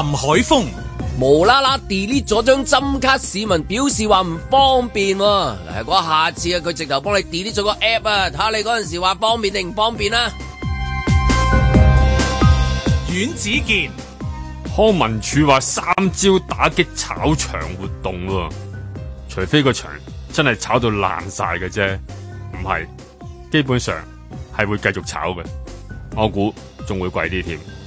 林海峰無啦啦 delete 咗張針卡，市民表示話唔方便。嗱，我下次啊，佢直頭幫你 delete 咗個 app 啊，睇下你嗰陣時話方便定唔方便啊？阮子健，康文署話三招打擊炒場活動，除非個場真係炒到爛晒嘅啫，唔係，基本上係會繼續炒嘅，我估仲會貴啲添。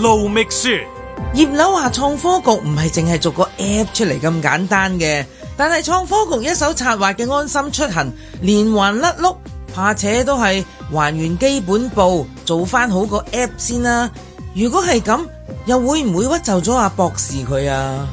盧覓雪，葉劉話創科局唔係淨係做個 app 出嚟咁簡單嘅，但係創科局一手策劃嘅安心出行連環甩碌，怕且都係還原基本步，做翻好個 app 先啦、啊。如果係咁，又會唔會屈就咗阿博士佢啊？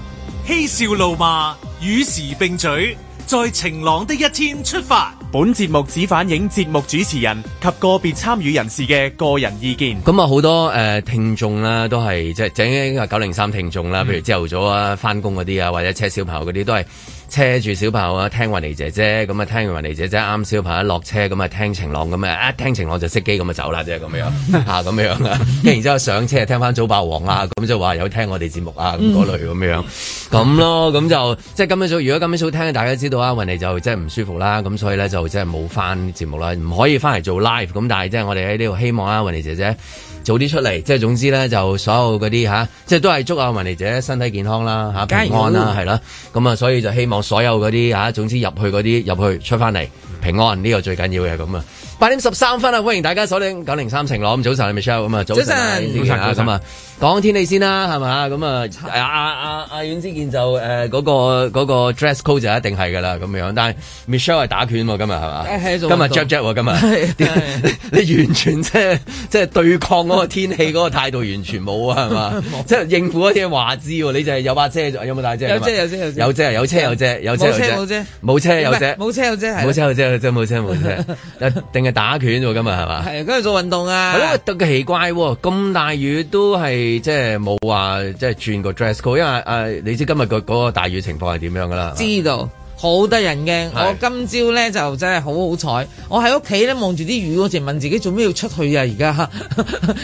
嬉笑怒罵與時並舉。在晴朗的一天出發。本節目只反映節目主持人及個別參與人士嘅個人意見。咁、呃、啊，好多誒聽眾啦，都係即係整下九零三聽眾啦，嗯、譬如朝頭早啊、翻工嗰啲啊，或者車小朋友嗰啲都係。車住小朋友啊，聽雲妮姐姐咁啊，聽完雲妮姐姐啱小朋友落車咁啊，聽晴朗咁啊，一聽晴朗就熄機咁就走啦，即係咁樣吓咁樣啊，跟然之後上車聽翻早霸王啦，咁就話有聽我哋節目啊咁嗰類咁樣，咁咯，咁就即係今朝早如果今朝早聽大家知道啊，雲妮就真係唔舒服啦，咁所以咧就即係冇翻節目啦，唔可以翻嚟做 live，咁但係即係我哋喺呢度希望啊，雲妮姐姐。早啲出嚟，即係總之呢，就所有嗰啲吓，即係都係祝阿、啊、文妮姐身體健康啦，吓、啊、平安啦，係啦油，咁啊、嗯，所以就希望所有嗰啲吓，總之入去嗰啲入去出翻嚟平安，呢、這個最緊要嘅咁啊。八點十三分啊！歡迎大家鎖定九零三晴朗，咁早晨啊 Michelle，咁啊早晨早晨啊，咁啊講天氣先啦係咪？咁啊阿阿阿阮子健就誒嗰個個 dress code 就一定係噶啦咁樣，但係 Michelle 係打拳今日係嘛？今日 job job 今日，你完全即係即係對抗嗰個天氣嗰個態度完全冇啊係嘛？即係應付嗰啲華枝，你就係有把遮，有冇帶遮？有遮有遮有遮有遮有遮有遮冇遮冇遮冇遮有遮冇遮有遮冇遮有遮冇遮冇遮嘅打拳喎，今日係嘛？係今日做運動啊！係咯，特別奇怪、哦，咁大雨都係即係冇話即係轉個 dress code，因為誒、呃，你知今日個、嗰個大雨情況係點樣噶啦？知道，好得人驚。我今朝咧就真係好好彩，我喺屋企咧望住啲雨我就，問自己做咩要出去啊？而家，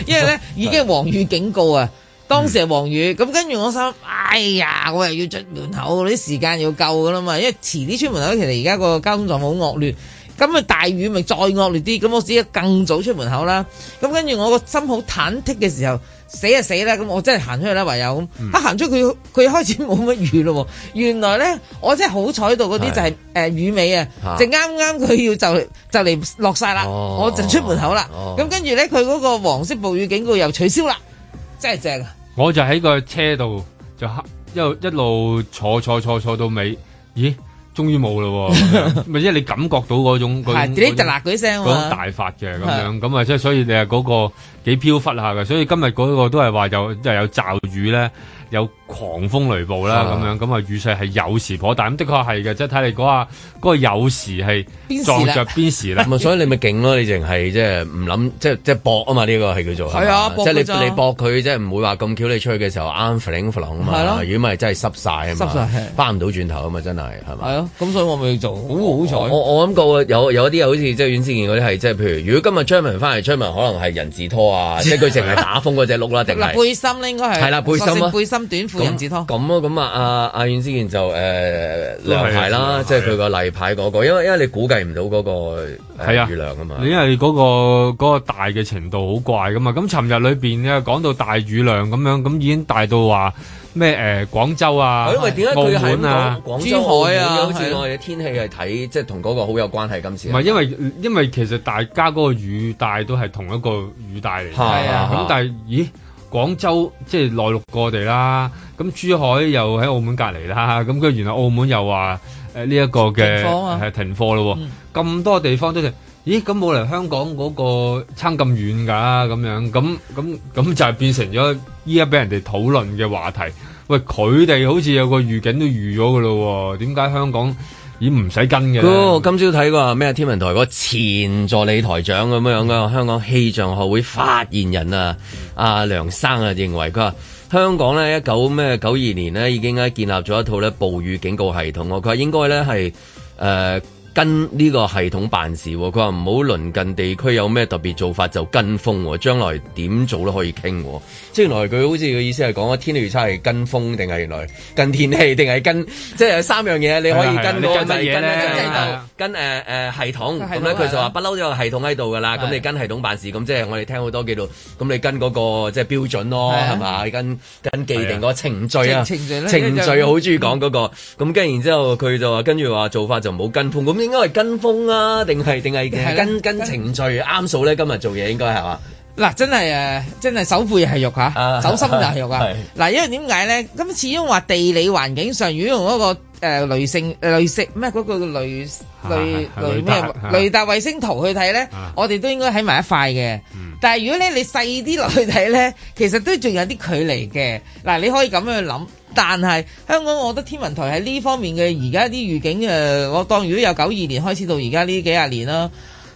因為咧已經黃雨警告啊， 當時係黃雨，咁、嗯、跟住我心，哎呀，我又要出門口，我啲時間要夠噶啦嘛，因為遲啲出門口，其實而家個交通狀況好惡劣。咁啊，大雨咪再惡劣啲，咁我只係更早出門口啦。咁跟住我個心好忐忑嘅時候，死就死啦。咁我真係行出去啦，唯有。一行、嗯、出去，佢開始冇乜雨咯。原來咧，我真係好彩到嗰啲就係、是、誒是、呃、雨尾啊，就啱啱佢要就就嚟落晒啦，哦、我就出門口啦。咁、哦、跟住咧，佢嗰個黃色暴雨警告又取消啦，真係正啊。我就喺個車度就一路一路一路坐坐坐坐到尾，咦？終於冇咯，咪即係你感覺到嗰啲嗰種，大發嘅咁樣咁啊，即係所以你係嗰個。幾飄忽下嘅，所以今日嗰個都係話即係有驟雨咧，有狂風雷暴啦，咁樣咁啊雨勢係有時頗大，咁的確係嘅，即係睇你嗰下，嗰個有時係撞着邊時咧，咁啊所以你咪勁咯，你淨係即係唔諗，即係即係搏啊嘛，呢個係叫做係啊，即係你你搏佢即係唔會話咁巧，你出去嘅時候啱 fling flung 啊嘛，雨咪真係濕晒啊嘛，翻唔到轉頭啊嘛，真係係嘛，係咯，咁所以我咪要做，咁好彩，我我諗過有有啲好似即係阮志賢嗰啲係即係譬如，如果今日出文翻嚟出文可能係人字拖啊。即係佢淨係打風嗰隻鹿啦，定係 是背心咧，應該係係啦背心，啊、背心短褲泳子拖咁，那啊，咁啊，阿阿阮思健就誒例牌啦，即係佢個例牌嗰的、那個，因為的因為你估計唔到嗰、那個係啊雨量啊嘛，你係嗰、那個嗰、那個大嘅程度好怪噶嘛，咁尋日裏邊你又講到大雨量咁樣，咁已經大到話。咩誒廣州啊？因為點解佢喺廣廣州海啊？好似我哋天氣係睇，即係同嗰個好有關係。今次唔係因為因為其實大家嗰個雨帶都係同一個雨帶嚟，係啊。咁但係，咦？廣州即係內陸過地啦，咁珠海又喺澳門隔籬啦。咁佢原來澳門又話誒呢一個嘅係停課咯。咁多地方都停，咦？咁冇嚟香港嗰個差咁遠㗎？咁樣咁咁咁就係變成咗。依家俾人哋討論嘅話題，喂佢哋好似有個預警都預咗噶咯喎，點解香港已經唔使跟嘅？嗰今朝睇過咩天文台個前助理台長咁樣嘅、嗯、香港氣象學會發言人啊，阿梁生啊認為佢話香港咧一九咩九二年咧已經咧建立咗一套咧暴雨警告系統喎，佢話應該咧係誒。跟呢個系統辦事，佢話唔好鄰近地區有咩特別做法就跟風。將來點做都可以傾。即係原來佢好似嘅意思係講天氣預測係跟風定係原來跟天氣定係跟，即係有三樣嘢，你可以跟跟制度，誒誒系統。咁咧佢就話不嬲都有系統喺度㗎啦。咁你跟系統辦事，咁即係我哋聽好多叫做咁你跟嗰個即係標準咯，係嘛？跟跟既定個程序啊，程序程序好中意講嗰個。咁跟然之後佢就話跟住話做法就冇跟風咁。應該係跟風啊，定係定係嘅？跟跟程序啱數咧，今日做嘢應該係嘛？嗱，真係誒，真係手背係肉嚇，手心就係肉啊！嗱，因為點解咧？咁始終話地理環境上，如果用嗰個誒雷性雷射咩嗰個雷雷雷咩雷達衛星圖去睇咧，我哋都應該喺埋一塊嘅。但係如果咧你細啲落去睇咧，其實都仲有啲距離嘅。嗱，你可以咁樣去諗。但係香港，我覺得天文台喺呢方面嘅而家啲預警誒，我當如果有九二年開始到而家呢幾廿年啦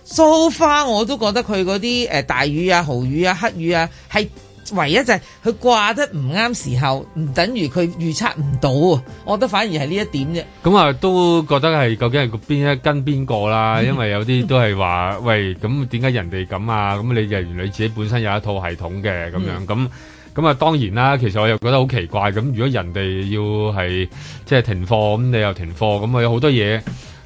，so far 我都覺得佢嗰啲誒大雨啊、豪雨啊、黑雨啊，係唯一就係佢掛得唔啱時候，唔等於佢預測唔到。我覺得反而係呢一點啫。咁啊、嗯，嗯、都覺得係究竟係邊一跟邊個啦？因為有啲都係話 喂，咁點解人哋咁啊？咁你就原來你自己本身有一套系統嘅咁樣咁。嗯咁啊，當然啦，其實我又覺得好奇怪。咁如果人哋要係即係停貨，咁你又停貨，咁啊有好多嘢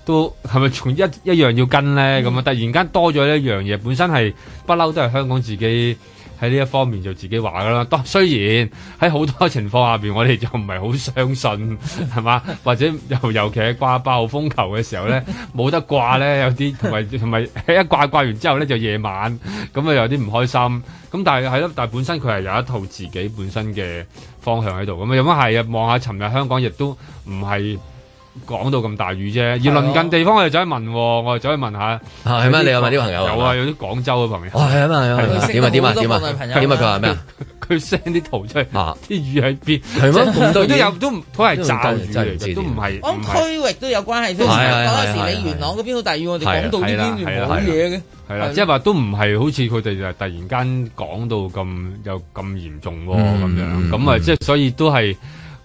都係咪從一一樣要跟咧？咁啊，突然間多咗一樣嘢，本身係不嬲都係香港自己。喺呢一方面就自己話㗎喇，當雖然喺好多情況下邊，我哋就唔係好相信係嘛，或者又尤其係掛八號風球嘅時候咧，冇 得掛咧，有啲同埋同埋一掛掛完之後咧就夜晚，咁啊有啲唔開心。咁但係係咯，但係本身佢係有一套自己本身嘅方向喺度，咁啊有乜係啊？望下尋日香港亦都唔係。講到咁大雨啫，而鄰近地方我哋走去問，我哋走去問下。係咩？你有冇啲朋友？有啊，有啲廣州嘅朋友。哦，係啊嘛，有。點啊？點啊？點啊？點啊？佢話咩啊？佢 send 啲圖出去。啲雨喺邊？係咩？唔到都有都都係驟雨嚟都唔係。講區域都有關係。嗰陣時你元朗嗰邊好大雨，我哋廣度啲天完全冇嘢嘅。係啦，即係話都唔係好似佢哋就突然間講到咁又咁嚴重咁樣，咁啊即係所以都係。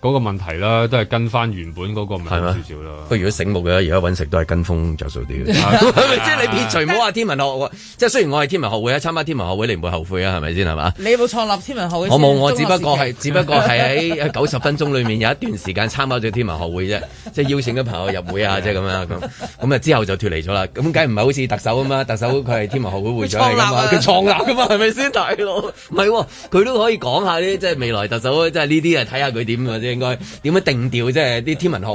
嗰個問題啦，都係跟翻原本嗰個問題少少啦。不過如果醒目嘅，而家揾食都係跟風着數啲。即係你撇除唔好話天文學喎，即係雖然我係天文學會啊， 參加天文學會你唔會後悔啊，係咪先係嘛？你有冇創立天文學會？我冇，我只不過係只不過係喺九十分鐘裡面有一段時間參加咗天文學會啫， 即係邀請嘅朋友入會啊，即係咁樣咁。咁啊之後就脫離咗啦。咁梗唔係好似特首咁啊？特首佢係天文學會會長嚟㗎嘛，佢創立㗎嘛，係咪先大佬？唔係喎，佢都可以講下啲即係未來特首即係呢啲啊，睇下佢點應該點樣定調？即係啲天文學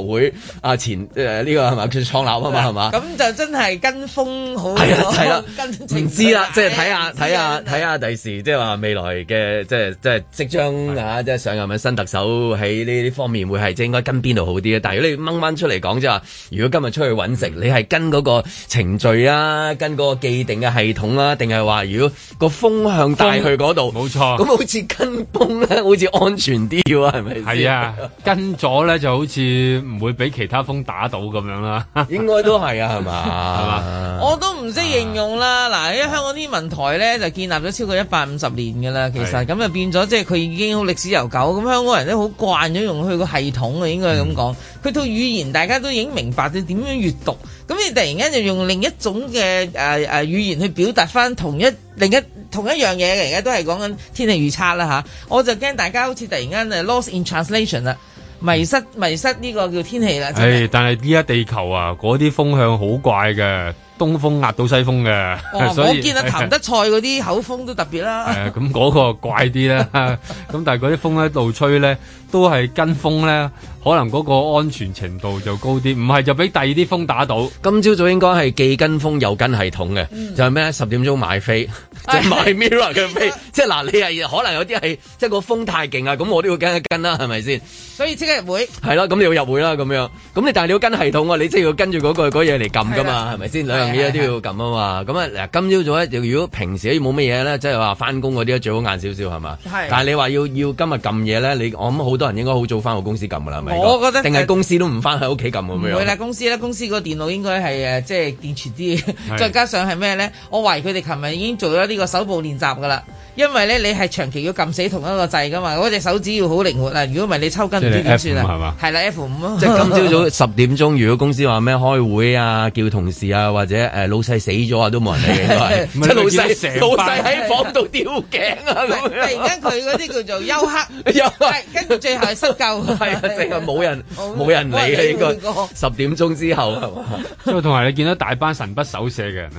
會前、呃這個、啊，前誒呢個係嘛？佢創立啊嘛係嘛？咁、嗯、就真係跟風好係啦，係啦文，明。知啦。即係睇下睇下睇下，第時即係話未來嘅即係即係即將啊，啊，即係上任嘅新特首喺呢啲方面會係即係應該跟邊度好啲咧？但係如果你掹翻出嚟講，即係話如果今日出去揾食，你係跟嗰個程序啊，跟嗰個既定嘅系統啊，定係話如果個風向帶去嗰度冇錯，咁好似跟風咧，好似安全啲喎，係咪？係啊。 跟咗咧就好似唔會俾其他風打到咁樣啦，應該都係啊，係嘛 吧，係嘛，我都唔識形容啦。嗱，因為香港天文台咧就建立咗超過一百五十年噶啦，其實咁是就變咗即係佢已經好歷史悠久，咁香港人都好慣咗用佢個系統啊，應該係咁講。佢套、嗯、語言大家都已經明白佢點樣閱讀，咁你突然間就用另一種嘅誒誒語言去表達翻同一另一。同一樣嘢嘅，而家都係講緊天氣預測啦嚇、啊，我就驚大家好似突然間誒 lost in translation 啦，迷失迷失呢個叫天氣啦。係、哎，但係而家地球啊，嗰啲風向好怪嘅。東風壓到西風嘅，哇以我見到譚德賽嗰啲口風都特別啦。誒，咁、那、嗰個怪啲咧，咁 但係嗰啲風喺度吹咧，都係跟風咧，可能嗰個安全程度就高啲。唔係就俾第二啲風打到。今朝早應該係既跟風又跟系統嘅，嗯、就係咩？十點鐘買飛，即係 買 Mirror 嘅飛， 即係嗱，你係可能有啲係即係個風太勁啊，咁我都要跟一跟啦，係咪先？所以即刻入會係咯，咁你要入會啦咁樣，咁你但係你要跟系統喎，你即係要跟住嗰、那個嗰嘢嚟撳噶嘛，係咪先？的依家都要撳啊嘛，咁啊嗱，今朝早咧，如果平時咧冇乜嘢咧，即係話翻工嗰啲最好晏少少係嘛？是啊、但係你話要要今日撳嘢咧，你我諗好多人應該好早翻到公司撳噶啦，係咪？我覺得。定係公司都唔翻喺屋企撳咁樣。唔會啦，公司啦，公司個電腦應該係誒，即係健全啲，是啊、再加上係咩咧？我懷疑佢哋琴日已經做咗呢個手部練習噶啦，因為咧你係長期要撳死同一個掣噶嘛，嗰隻手指要好靈活啊！如果唔係你抽筋唔知點算啊？係嘛嗎？F 五 即係今朝早十點鐘，如果公司話咩開會啊，叫同事啊或者。誒，老細死咗啊，都冇人理，都係，係老細成班，老細喺房度吊頸啊！突然間佢嗰啲叫做休克，休 跟住最後失救。係即係冇人冇 人理呢個十點鐘之後係嘛，即係 同埋你見到大班神不守舍嘅人。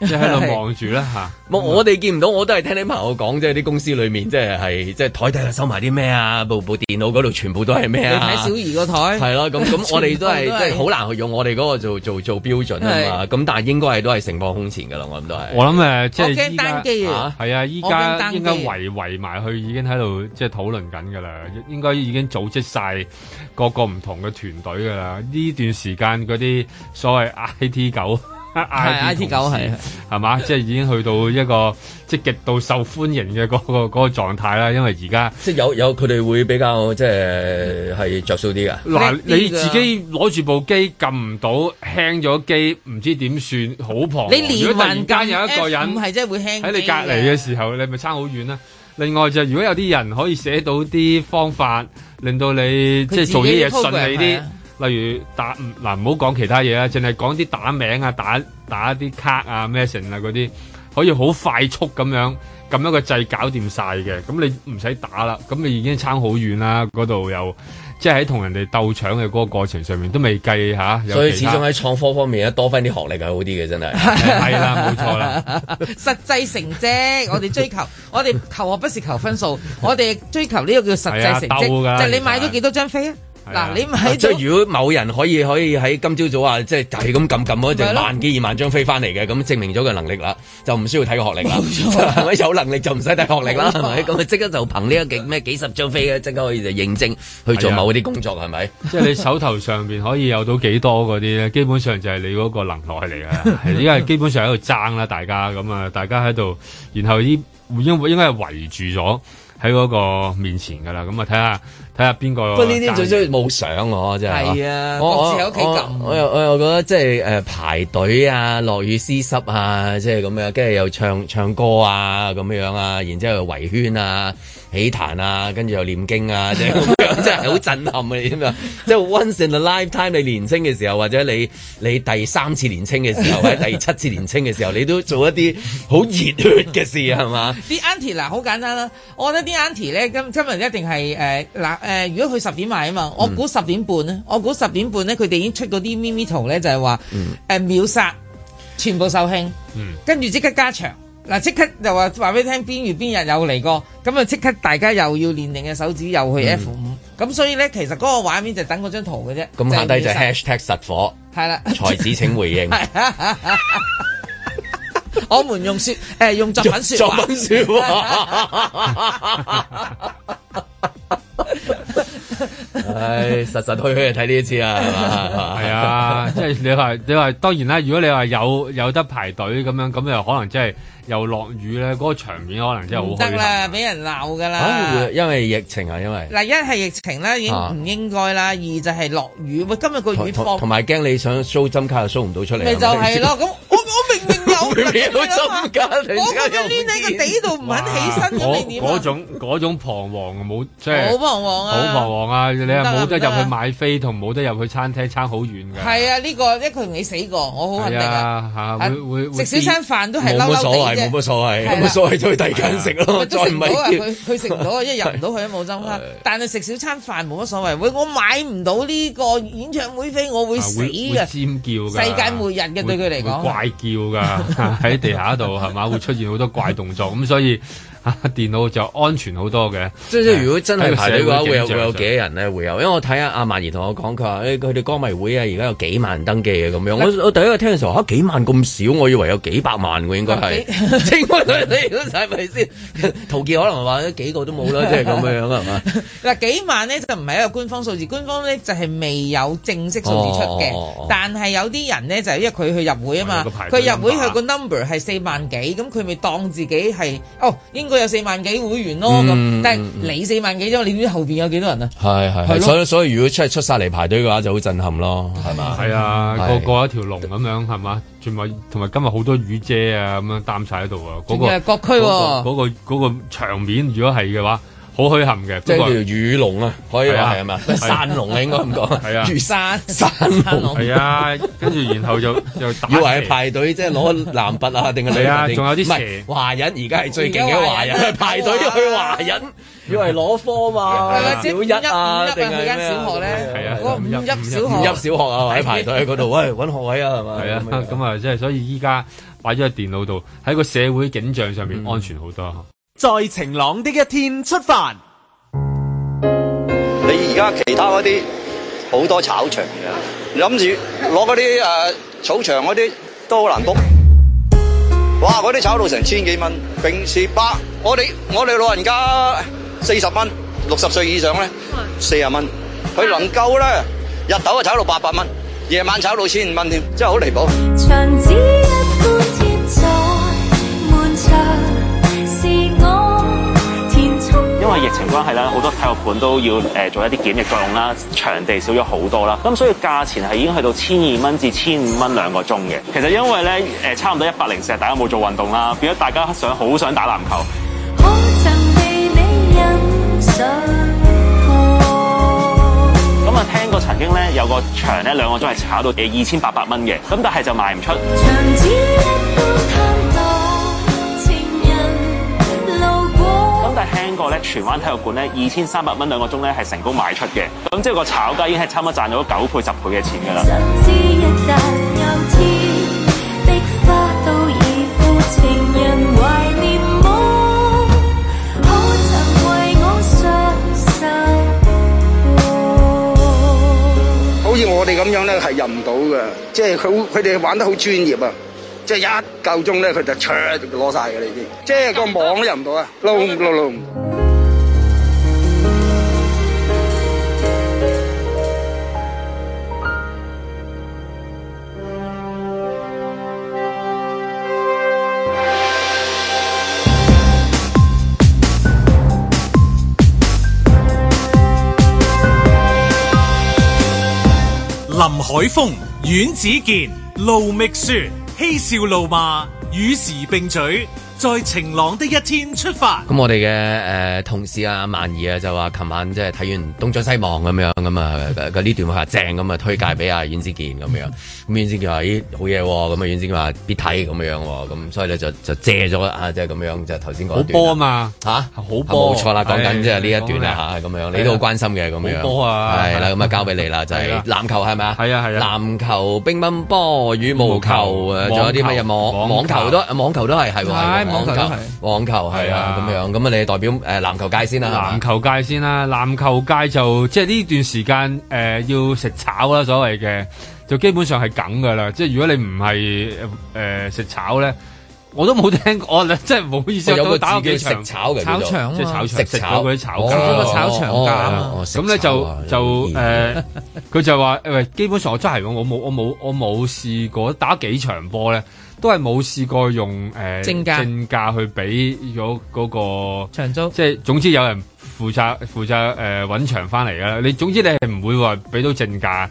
即係喺度望住啦吓，我我哋見唔到，我都係聽啲朋友講，即係啲公司裏面，即係係即係台底下收埋啲咩啊？部部電腦嗰度全部都係咩啊？睇小儀個台係咯，咁咁我哋都係即係好難去用我哋嗰個做做做標準啊嘛。咁的但係應該係都係盛況空前噶啦，我諗都係。我諗誒，即係依家係啊，依家依家圍圍埋去已經喺度即係討論緊噶啦，應該已經組織晒各個唔同嘅團隊噶啦。呢段時間嗰啲所謂 I T 狗。 係 I T 狗係，係嘛？是吧即係已經去到一個 即係極度受歡迎嘅嗰個嗰個狀態啦。因為而家即係有有佢哋會比較即係係着數啲噶。嗱喇，你自己攞住部機撳唔到，輕咗機唔知點算好旁。你連如果突然間有一個人喺你隔籬嘅時候，你咪差好遠啦。另外就係如果有啲人可以寫到啲方法，令到你即係做啲嘢順利啲。例如打嗱唔好講其他嘢啦，淨係講啲打名啊、打打啲卡啊、message 啊嗰啲，可以好快速咁樣咁一個掣搞掂晒嘅。咁你唔使打啦，咁你已經差好遠啦。嗰度又，即係喺同人哋鬥搶嘅嗰個過程上面都未計吓，啊、所以始終喺創科方面咧多翻啲學歷係好啲嘅，真係係啦，冇錯啦。錯 實際成績我哋追求，我哋求學不是求分數，我哋追求呢個叫實際成績，即係你買咗幾多張飛啊？嗱，你唔喺即係，如果某人可以可以喺今朝早啊，即係係咁撳撳嗰陣萬幾二萬張飛翻嚟嘅，咁證明咗佢能力啦，就唔需要睇個學歷。冇錯，有能力就唔使睇學歷啦，係咪？咁啊，即刻就憑呢個幾咩幾十張飛即刻可以就認證去做某啲工作，係咪？即係你手頭上邊可以有到幾多嗰啲咧？基本上就係你嗰個能耐嚟嘅，因為基本上喺度爭啦，大家咁啊，大家喺度，然後依應應該係圍住咗喺嗰個面前噶啦，咁啊睇下。睇啊！邊個是？不過呢啲最中意冇相喎，真係。係啊，各自喺屋企撳。我又我又我我覺得、嗯、即係誒排隊啊，落雨絲濕啊，即係咁樣，跟住又唱唱歌啊，咁樣樣啊，然之後又圍圈啊。起壇啊，跟住又念經啊，即係咁樣，即係好震撼啊！你知唔知？即係 once in a lifetime，你年青嘅時候，或者你你第三次年青嘅時候，或者第七次年青嘅時候，你都做一啲好熱血嘅事，係嘛？啲 auntie 嗱，好簡單啦、啊。我覺得啲 auntie 咧今今日一定係誒嗱誒，如果佢十點買啊嘛，我估十點半咧，嗯、我估十點半咧，佢哋已經出嗰啲咪咪圖咧，就係話誒秒殺全部售罄，跟住即刻加場。嗱，即刻又話話俾你聽邊月邊日有嚟過，咁啊即刻大家又要練定嘅手指又去 F 五、嗯，咁所以咧其實嗰個畫面就等嗰張圖嘅啫。咁、嗯嗯、下低就 hashtag、是、實火，係啦了，才子請回應。 我們用説誒用作品説話。唉、 哎，實實去去睇呢次啊，係咪，係 啊，即係你話你話當然啦，如果你話有有得排隊咁樣，咁又可能真係又落雨咧，嗰、那個場面可能真係好唔得啦，俾人鬧噶啦，因為疫情啊，因為嗱、嗯、一係疫情啦，已經應唔應該啦，啊、二就係落雨，喂、哎，今日個雨放同埋驚你想 show 針卡又 show 唔到出嚟，咪就係咯咁。我明明有啊嘛，我嗰日攣喺個地度唔肯起身，我哋點？嗰、嗰種嗰種彷徨冇，即係好彷徨啊，好彷徨啊！你係冇得入去買飛，同冇得入去餐廳差好遠嘅。係啊，呢個一佢未死過，我好肯定啊。吓會會食少餐飯都係嬲，冇乜所謂，冇乜所謂，冇再去第間食咯。都食唔到啊，佢食唔到啊，一入唔到去都冇爭乜。但係食少餐飯冇乜所謂，我我買唔到呢個演唱會飛我會死噶，尖叫！世界末日嘅，對佢嚟講。叫噶喺地下度係嘛？會出現好多怪動作咁，嗯，所以。嚇電腦就安全好多嘅，即係如果真係排隊嘅話，會有會有，會有幾多人咧？會有，因為我睇下阿曼兒同我講，佢話誒佢哋歌迷會啊，而家有幾萬人登記嘅咁樣。我是我第一個聽嘅時候嚇、啊、幾萬咁少，我以為有幾百萬喎，應該係你嗰陣係咪先？陶傑可能話咗幾個都冇啦，即係咁樣樣係嘛？嗱 幾萬咧就唔係一個官方數字，官方咧就係、是、未有正式數字出嘅，哦、但係有啲人咧就是、因為佢去入會啊嘛，佢入會佢個 number 係四萬幾，咁佢咪當自己係哦應。都有四萬幾會員咯，嗯、但係你四萬幾，即、嗯、你知後邊有幾多人啊？係係，所以所以如果出去出晒嚟排隊嘅話，就好震撼咯，係嘛？係啊，個、啊、個一條龍咁樣，係嘛？仲咪同埋今日好多雨遮啊，咁樣擔晒喺度啊、嗰個！仲係各區嗰個、嗰個那個場面，如果係嘅話。好虛憾嘅，即係叫魚龍啊，可以係嘛？山龍啊，應該唔講。係啊，魚山山龍係啊，跟住然後就就以為係排隊，即係攞男拔啊，定係係啊？仲有啲蛇華人而家係最勁嘅華人，排隊去華人，以為攞科嘛？係咪小一啊？定係咩？係啊，個五一五一五一小學啊，喺排隊喺嗰度喂，揾學位啊，係嘛？係啊，咁啊，即係所以依家擺咗喺電腦度，喺個社會景象上面安全好多。在晴朗的一天出發。你而家其他嗰啲好多炒場嘅，諗住攞嗰啲誒草場嗰啲都好難煲。哇！嗰啲炒到成千幾蚊，平時百，我哋我哋老人家四十蚊，六十歲以上咧四啊蚊，佢能夠咧日頭啊炒到八百蚊，夜晚炒到千五蚊添，真係好離譜。因為疫情關係啦，好多體育館都要誒做一啲檢疫作用啦，場地少咗好多啦，咁所以價錢係已經去到千二蚊至千五蚊兩個鐘嘅。其實因為咧誒差唔多一百零四日大家冇做運動啦，變咗大家想好想打籃球。可曾被你欣賞咁啊，我聽過曾經咧有個場咧兩個鐘係炒到二千八百蚊嘅，咁但係就賣唔出。經過咧，荃灣體育館咧，二千三百蚊兩個鐘咧，係成功賣出嘅。咁、嗯、即係個炒家已經係差唔多賺咗九倍、十倍嘅錢噶啦。好似我哋咁樣咧，係入唔到噶，即係佢佢哋玩得好專業啊。即係一夠鐘咧，佢就 c h 攞晒嘅呢啲，即係個網都入唔到啊！撈撈撈。嗯、林海峰、阮子健、盧覓雪。嬉笑怒罵，與時並舉。在晴朗的一天出發。咁我哋嘅誒同事啊，曼怡啊，就話琴晚即係睇完東張西望咁樣咁啊，呢段話正咁啊，推介俾阿尹子健咁樣。咁尹子健話：咦，好嘢喎！咁啊，尹子健話必睇咁樣喎。咁所以咧就就借咗啦，即係咁樣，就頭先講。好波啊嘛！嚇，好波！冇錯啦，講緊即係呢一段啦嚇，咁樣你都好關心嘅咁樣。波啊！係啦，咁啊交俾你啦，就係籃球係咪啊？係啊係啊！籃球、乒乓波、羽毛球誒，仲有啲乜嘢網？網球都網球都係係網球係啊，咁樣咁啊，你代表誒籃球界先啦，係籃球界先啦，籃球界就即係呢段時間誒要食炒啦，所謂嘅就基本上係梗噶啦。即係如果你唔係誒食炒咧，我都冇聽過，真係唔好意思。我有打過幾場炒場，即係炒場食炒嗰啲炒。我做過炒場架。咁咧就就誒，佢就話誒，基本上我真係我冇我冇我冇試過打幾場波咧。都係冇試過用誒、呃、正價正價去俾咗嗰個場租州，即係總之有人負責負責誒搵場翻嚟啦。你總之你係唔會話俾到正價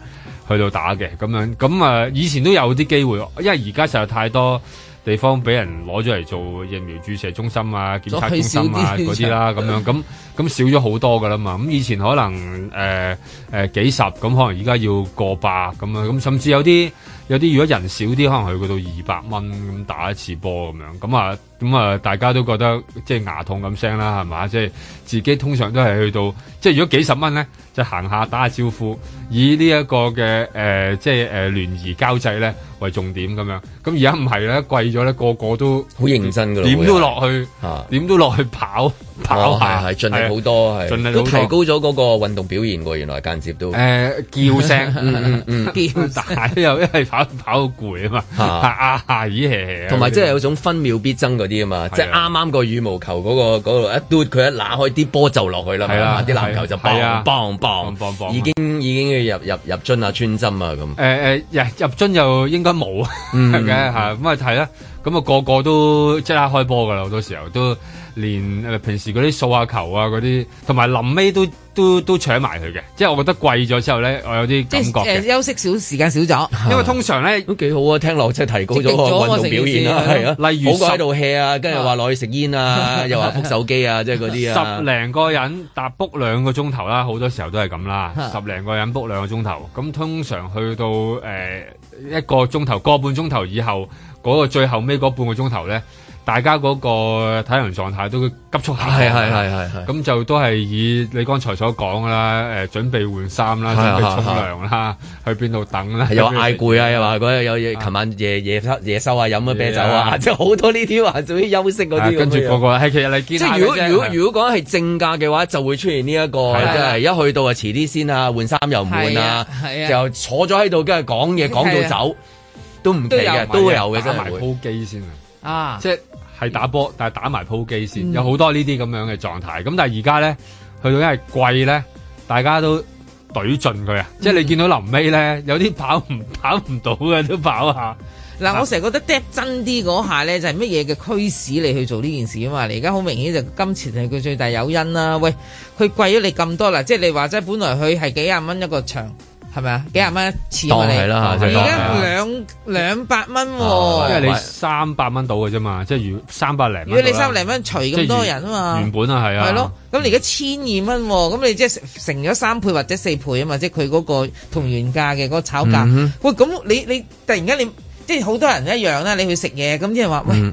去到打嘅咁樣。咁啊，以前都有啲機會，因為而家實在太多地方俾人攞咗嚟做疫苗注射中心啊、檢測中心啊嗰啲啦，咁樣咁咁少咗好多噶啦嘛。咁以前可能誒誒、呃、幾十，咁可能而家要過百咁樣，咁甚至有啲。有啲如果人少啲，可能去到二百蚊咁打一次波咁樣咁啊。咁啊，大家都覺得即係牙痛咁聲啦，係嘛？即係自己通常都係去到，即係如果幾十蚊咧，就行下打下招呼，以呢一個嘅，誒即係誒聯誼交際咧為重點咁樣，咁而家唔係咧，貴咗咧，個個都好認真嘅，點都落去，點都落去跑跑下，係盡力好多，係盡量都提高咗個運動表現喎。原來間接都誒叫聲，叫，但係又一係跑跑攰啊嘛，啊啊咦，同埋即係有種分秒必爭嘅。啲啊嘛，即係啱啱個羽毛球嗰、那個嗰度、那個、一嘟，佢一拉開啲波就落去啦，係啊，啲籃球就 bang bang bang 已經已經要入入入樽啊，穿針啊咁。誒誒、呃呃，入樽又應該冇嘅吓，咁啊睇啦，咁啊個個都即刻開波噶啦，好多時候都連誒平時嗰啲掃下球啊嗰啲，同埋臨尾都。都都搶埋佢嘅，即係我覺得貴咗之後咧，我有啲感覺嘅，呃。休息少時間少咗，因為通常咧都幾好啊，聽落即係提高咗個運動表現啦。係啊，啊例如十，好過喺度 hea 啊，跟住話攞去食煙啊， 又話撲手機啊，即係嗰啲啊。十零個人搭 book 兩個鐘頭啦，好多時候都係咁啦。十零個人 book 兩個鐘頭，咁通常去到誒，呃、一個鐘頭個半鐘頭以後，嗰，那個最後尾嗰半個鐘頭咧。大家嗰個體能狀態都會急速下降，係係係係，咁就都係以你剛才所講啦，誒準備換衫啦，準備沖涼啦，去邊度等啦，又嗌攰啊，又話嗰日有嘢，琴晚夜夜收夜收啊，飲咗啤酒啊，即係好多呢啲話屬於休息嗰啲。跟住個個係其實你見，即係如果如果如果講係正價嘅話，就會出現呢一個，即係一去到啊遲啲先啊換衫又唔換啊，就坐咗喺度，跟住講嘢講到走都唔奇嘅，都會有嘅，真會打埋鋪機先啊，即係。係打波，但係打埋鋪機先，有好多呢啲咁樣嘅狀態。咁但係而家咧，去到因為貴咧，大家都隊盡佢啊！即係你見到臨尾咧，有啲跑唔跑唔到嘅都跑下。嗱，我成日覺得跌真啲嗰下咧，就係乜嘢嘅驅使你去做呢件事啊嘛？你而家好明顯就金錢係佢最大誘因啦，啊。喂，佢貴咗你咁多啦，即係你話齋，本來佢係幾廿蚊一個場。係咪啊？幾廿蚊一次我哋而家兩兩百蚊，因為你三百蚊到嘅啫嘛，即係如三百零蚊。如果你三百零蚊除咁多人啊嘛，原本啊係啊，係咯。咁你而家千二蚊，咁你即係成咗三倍或者四倍啊嘛，即係佢嗰個同原價嘅嗰個炒價。喂，咁你你突然間你即係好多人一樣啦，你去食嘢咁即係話喂。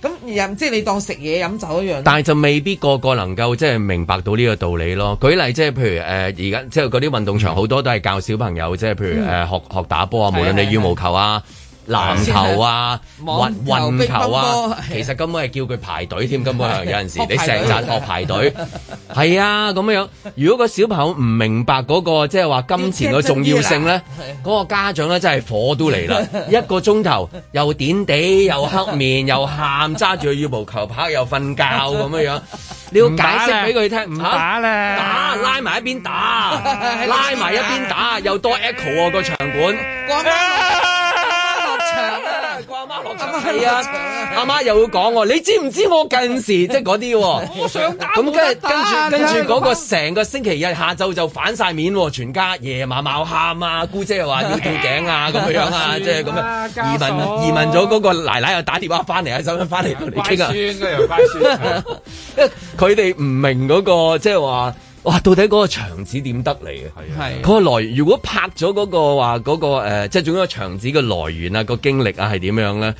咁即係你當食嘢飲酒一樣，但係就未必個個能夠即係明白到呢個道理咯。舉例即係譬如誒，呃、而家即係嗰啲運動場好多都係教小朋友，即係譬如誒、呃、學學打波啊，嗯、無論你羽毛球啊。籃球啊，運運球啊，其實根本係叫佢排隊添，根本係有陣時你成日學排隊，係啊咁樣。如果個小朋友唔明白嗰個即係話金錢嘅重要性咧，嗰個家長咧真係火都嚟啦。一個鐘頭又點地，又黑面，又喊，揸住羽毛球拍，又瞓覺咁樣樣。你要解釋俾佢聽，唔打啦，打拉埋一邊打，拉埋一邊打，又多 echo 啊個場館。係 啊，阿媽又會講我，你知唔知我近時，即係嗰啲我想打咁，跟住跟住跟住嗰個成個星期日下晝就反晒面喎，全家夜晚晚喊啊，姑姐又話要吊頸啊，咁樣啊，即係咁樣嫂移民移民咗嗰個奶奶又打電話翻嚟啊，想翻嚟同你傾啊，佢哋唔明嗰個即係話。哇！到底嗰個場子點得嚟嘅？係係嗰個來源，如果拍咗嗰、那個話嗰、那個、呃、即係總之一個場子嘅來源啊，那個經歷啊係點樣咧？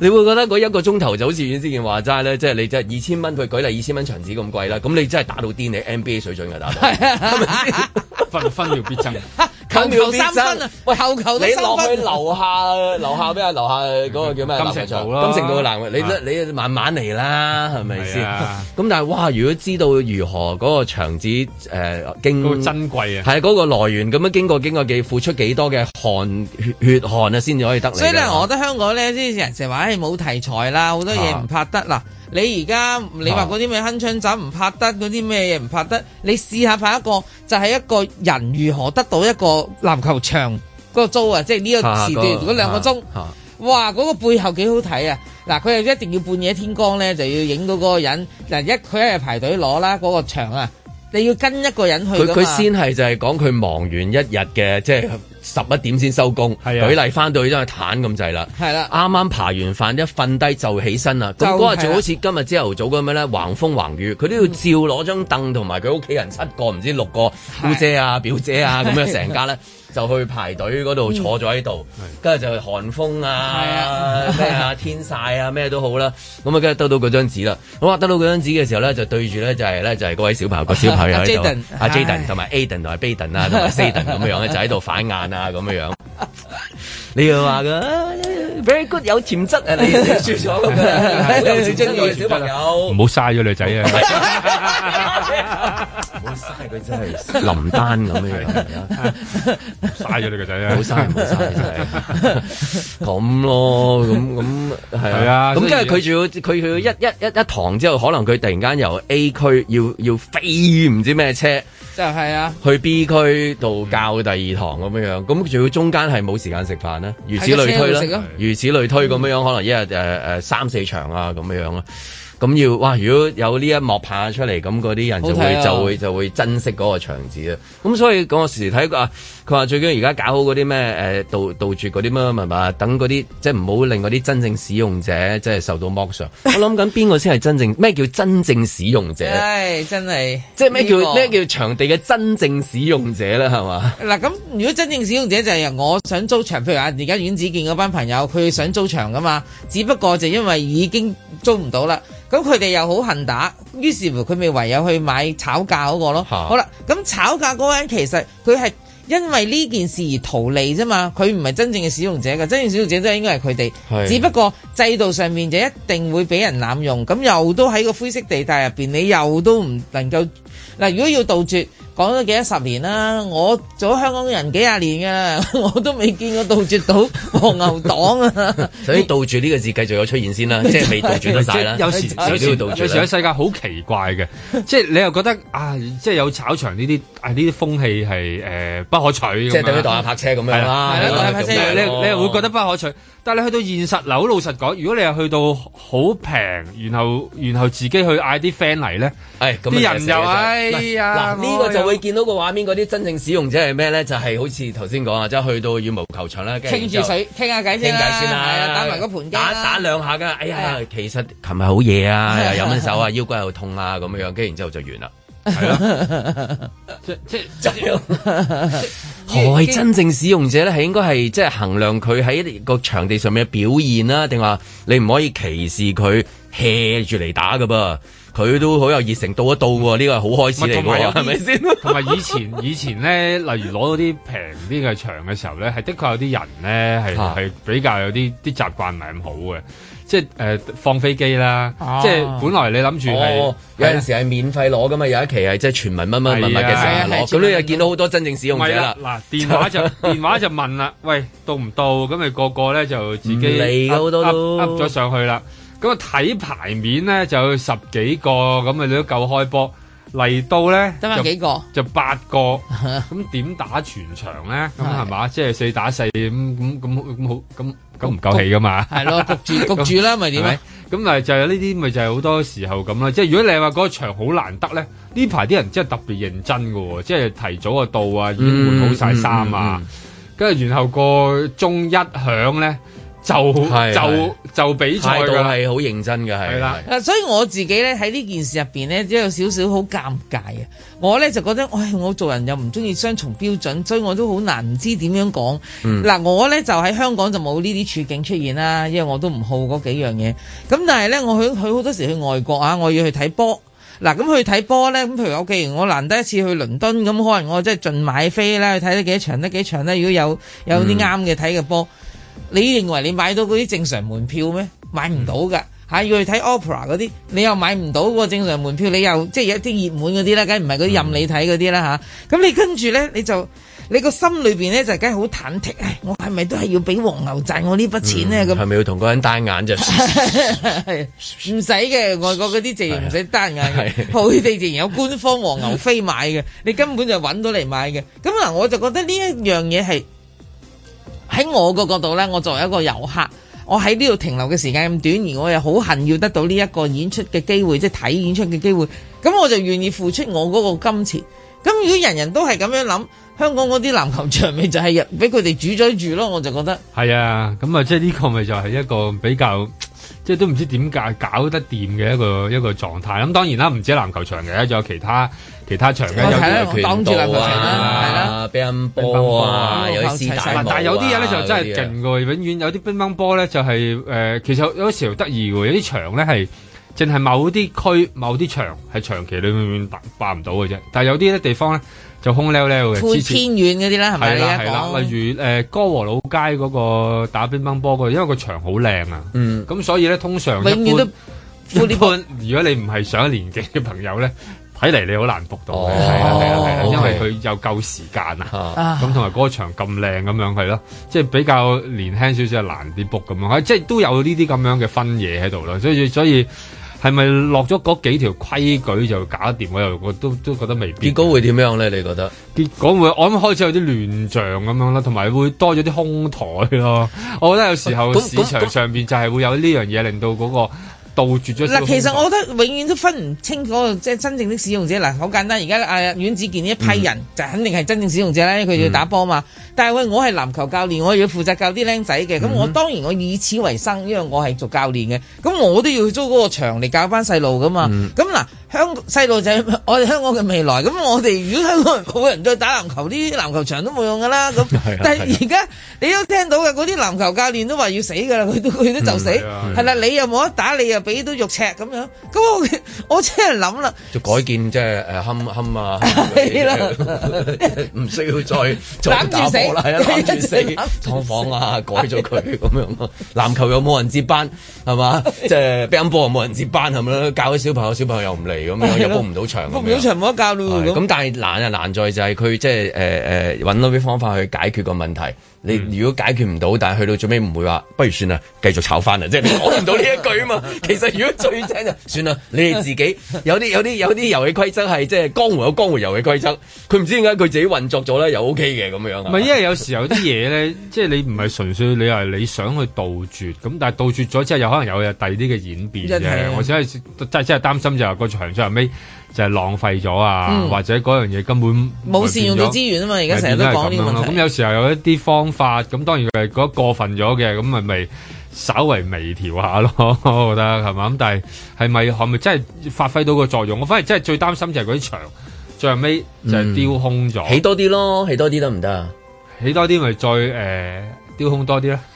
你會覺得嗰一個鐘頭就好似袁思健話齋咧，即係你，你真係二千蚊，佢舉例二千蚊場子咁貴啦，咁你真係打到癲，你 NBA 水準嘅打到，分分秒必爭。球球，球，球，球三分、那個、啊！喂，球球你落去樓下樓下咩啊？樓下嗰個叫咩？金城道咯，金城嗰個男嘅，你、啊、你，你慢慢嚟啦，係咪先？咁、啊、但係哇，如果知道如何嗰、那個場子誒、呃、經珍貴啊，係嗰、那個來源咁樣經過經過，經過幾付出幾多嘅汗血血汗啊，先至可以得嚟。所以咧，我覺得香港咧，啲人成日話誒冇題材啦，好多嘢唔拍得嗱。啊。你而家你話嗰啲咩鏗鏘集唔拍得嗰啲咩嘢唔拍得？你試下拍一個，就係、是、一個人如何得到一個籃球場嗰個租啊！即係呢個時段嗰兩個鐘，啊啊、哇！嗰、那個背後幾好睇啊！嗱，佢又一定要半夜天光咧，就要影到嗰個人嗱一佢一日排隊攞啦嗰個場啊！你要跟一個人去，佢佢先係就係講佢忙完一日嘅，即係十一點先收工。的舉例翻到已經係癱咁滯啦，係啦，啱啱的爬完飯一瞓低就起身啦。咁嗰日就好似今日朝頭早咁樣咧，橫風橫雨，佢都要照攞張凳同埋佢屋企人七個唔知六個姑的姐啊、表姐啊咁的樣成家咧。 就去排隊嗰度坐咗喺度，跟住就去寒風啊，咩啊，天晒啊，咩都好啦。咁啊，跟住得到嗰張紙啦。我、嗯、得到嗰張紙嘅時候咧，就對住咧，就係咧，就係嗰位小朋友，啊、個小朋友喺度，阿 Jaden 同埋 Aden 同埋 Baden 啊，同埋 Saden 咁樣咧，就喺度反眼啊咁樣。 你要話嘅 Very good 有潛質啊！你輸咗啦，小朋友，唔好嘥咗女仔啊！ 嘥佢真係林丹咁樣樣，嘥咗你個仔啊！好嘥好嘥，真係咁咯，咁咁係啊，咁即係佢仲要佢去到一一一一堂之後，可能佢突然間由 A 區要要飛唔知咩車，即係啊，去 B 區度教第二堂咁樣樣，咁仲要中間係冇時間食飯咧，如此類推啦，如此類推咁樣樣，可能一日誒誒三四場啊咁樣樣啊。咁要哇！如果有呢一幕拍出嚟，咁嗰啲人就會、啊、就會就會珍惜嗰個場子啊！咁所以嗰時時睇過啊。佢話最緊要而家搞好嗰啲咩？誒，杜杜絕嗰啲咩嘛？等嗰啲即係唔好令嗰啲真正使用者即係受到剝削。 我諗緊邊個先係真正咩叫真正使用者？唉、哎，真係即係什咩、這個、叫咩叫場地嘅真正使用者啦？係嘛、嗯？嗱咁吧，如果真正使用者就係我想租場，譬如話而家阮子健嗰班朋友，佢想租場噶嘛？只不過就因為已經租唔到啦，咁佢哋又好恨打，於是乎佢咪唯有去買炒價嗰個咯。 好啦，咁炒價嗰個人其實佢係。因為呢件事而逃離啫嘛，佢唔係真正嘅使用者噶，真正使用者都係應該係佢哋。是只不過制度上面就一定會俾人濫用，咁又都喺個灰色地帶入邊，你又都唔能夠嗱，如果要杜絕。講咗幾多十年啦！我做香港人幾廿年嘅，我都未見過杜絕到黃牛黨啊！所以杜絕呢個字繼續有出現先啦，即係未杜絕得晒啦。有時有少少倒轉。有時喺世界好奇怪嘅，即係你又覺得啊，即係有炒場呢啲呢啲風氣係誒不可取，即係等於盜竊拍車咁樣啦。係啦，盜竊拍車，你你又會覺得不可取。但係你去到現實樓，老實講，如果你又去到好平，然後然後自己去嗌啲 friend 嚟咧，誒啲人又哎呀，呢個就～會見到個畫面，嗰啲真正使用者係咩咧？就係、是、好似頭先講啊，即係去到羽毛球場啦，傾住水傾下偈先啦、啊，打埋個盤、啊、打打兩下噶。哎呀，其實琴日好夜啊，又飲咗酒啊，是啊腰骨又痛啊，咁樣樣，跟住然之後就完啦。係咯、啊，即即真用。何謂真正使用者咧？係應該係即係衡量佢喺個場地上面嘅表現啦、啊，定話你唔可以歧視佢 hea 住嚟打噶噃。佢都好有熱誠，到一到喎，呢個係好開始嚟喎，係咪先？同埋以前以前咧，例如攞到啲平啲嘅場嘅時候咧，係的確有啲人咧係係比較有啲啲習慣唔係咁好嘅，即係誒放飛機啦，即係本來你諗住係有陣時係免費攞噶嘛，有一期係即係全民乜乜乜乜嘅時候攞，咁你又見到好多真正使用者啦。嗱，電話就電話就問啦，喂，到唔到？咁咪個個咧就自己噏噏噏咗上去啦。咁啊，睇牌面咧就有十幾個咁啊，都夠開波。嚟到咧，得翻幾個，就八個。咁點 打全場咧？咁係嘛，即係的四打四咁咁咁咁好咁夠唔夠氣噶嘛？係咯，焗住焗住啦，咪點咪。咁咪 就係呢啲，咪就係好多時候咁啦。即係如果你話嗰個場好難得咧，呢排啲人真係特別認真噶，即係提早啊到啊，已經換好晒衫啊，跟住、嗯嗯嗯嗯嗯、然後，然後個鐘一響咧。就就就比賽到係好認真嘅係啦。的所以我自己咧喺呢件事入邊呢，都有少少好尷尬啊！我咧就覺得，唉、哎，我做人又唔中意雙重標準，所以我都好難唔知點樣講。嗱、嗯，我咧就喺香港就冇呢啲處境出現啦，因為我都唔好嗰幾樣嘢。咁但係咧，我去去好多時去外國啊，我要去睇波。嗱，咁去睇波咧，咁譬如我既然我難得一次去倫敦咁，可能我即係盡買飛啦，去睇得幾多場，得幾場咧。如果有有啲啱嘅睇嘅波。你認為你買到嗰啲正常門票咩？買唔到㗎，嚇、嗯啊！要去睇 opera 嗰啲，你又買唔到個正常門票，你又即係一啲熱門嗰啲啦，梗係唔係嗰啲任你睇嗰啲啦吓，咁、嗯、你跟住咧，你就你個心裏邊咧就梗係好忐忑，我係咪都係要俾黃牛賺我呢筆錢咧？係咪、嗯、要同個人單眼就？唔使嘅，外國嗰啲自然唔使單眼的好，佢哋自然有官方黃牛飛買嘅，的 你根本就揾到嚟買嘅。咁嗱，我就覺得呢一樣嘢係。喺我個角度咧，我作為一個遊客，我喺呢度停留嘅時間咁短，而我又好恨要得到呢一個演出嘅機會，即係睇演出嘅機會，咁我就願意付出我嗰個金錢。咁如果人人都係咁樣諗，香港嗰啲籃球場咪就係俾佢哋主宰住咯，我就覺得。係啊，咁啊，即係呢個咪就係一個比較，即係都唔知點解搞得掂嘅一個一個狀態。咁當然啦，唔止籃球場嘅，仲有其他其他場間都有波啊，有啲嘢，但係有啲嘢咧就真係勁嘅，永遠有啲乒乓波咧就係誒，其實有啲時候得意喎，有啲場咧係淨係某啲區某啲場係長期裏永打霸唔到嘅啫。但係有啲地方咧就空溜溜嘅。偏遠嗰啲咧係咪？係啦，例如誒歌和老街嗰個打乒乓波嗰，因為個場好靚啊。咁所以咧，通常永遠都一般，如果你唔係上一年紀嘅朋友咧。睇嚟你好難 book 到嘅，係、oh，啊係啊係啊，啊，因為佢又夠時間、oh, okay. 嗯、啊，咁同埋嗰場咁靚咁樣係咯，即係比較年輕少少難啲 book 咁啊，即、就、係、是、都有呢啲咁樣嘅分野喺度咯，所以所以係咪落咗嗰幾條規矩就搞得掂？我又我都都覺得未必。結果會點樣咧？你覺得？結果會我諗開始有啲亂象咁樣啦，同埋會多咗啲空枱咯。我覺得有時候市場上邊就係會有呢樣嘢令到嗰、那個。嗱，其實我覺得永遠都分唔清嗰個即係真正的使用者嗱，好簡單。而家阿阮子健呢一批人、嗯、就肯定係真正使用者咧，佢要打波嘛。嗯、但係喂，我係籃球教練，我要負責教啲僆仔嘅，咁我、嗯、當然我以此為生，因為我係做教練嘅，咁我都要去租嗰個場嚟教翻細路噶嘛。咁嗱、嗯。香港細路仔，我哋香港嘅未來咁，我哋如果香港人冇人再打籃球，啲籃球場都冇用噶啦咁。但係而家你都聽到嘅嗰啲籃球教練都話要死噶啦，佢都佢都就死，係啦、嗯的，你又冇得打，你又俾到肉赤咁樣，咁我我，我真係諗啦，就改建即係誒堪堪啊，係啦、啊，唔 的 需要再攬住死啦，攬住死，廠房啊改咗佢咁樣咯，籃球又冇人接班係嘛， 即係乒乓波又冇人接班係咪教啲小朋友，小朋友又唔理。咁樣， 又保唔到場，保唔到場，冇得教咯。咁但係難啊，難在就係佢即係誒誒揾到啲方法去解決個問題。你如果解決唔到，但係去到最尾唔會話，不如算啦，繼續炒翻啦，即係你講唔到呢一句啊嘛。 其實如果最正就算啦，你哋自己有啲有啲有啲遊戲規則係即係江湖有江湖遊戲規則，佢唔知點解佢自己運作咗咧，又 OK 嘅咁樣。唔係因為有時候啲嘢咧， 即係你唔係純粹你係你想去杜絕，咁但係杜絕咗之後又可能有又第二啲嘅演變嘅。我只係真係真係擔心就係個場上後尾。就係浪費咗啊，嗯、或者嗰樣嘢根本冇善用嘅資源啊嘛！而家成日都講呢啲問題。咁有時候有一啲方法，咁當然佢係嗰過分咗嘅，咁咪咪稍微微調下咯、啊，我覺得係嘛？咁但係係咪係咪真係發揮到個作用？我反而真係最擔心就係嗰啲牆，最後尾就係丟空咗、嗯。起多啲咯，起多啲得唔得啊？起多啲咪再誒。呃雕空多啲咧，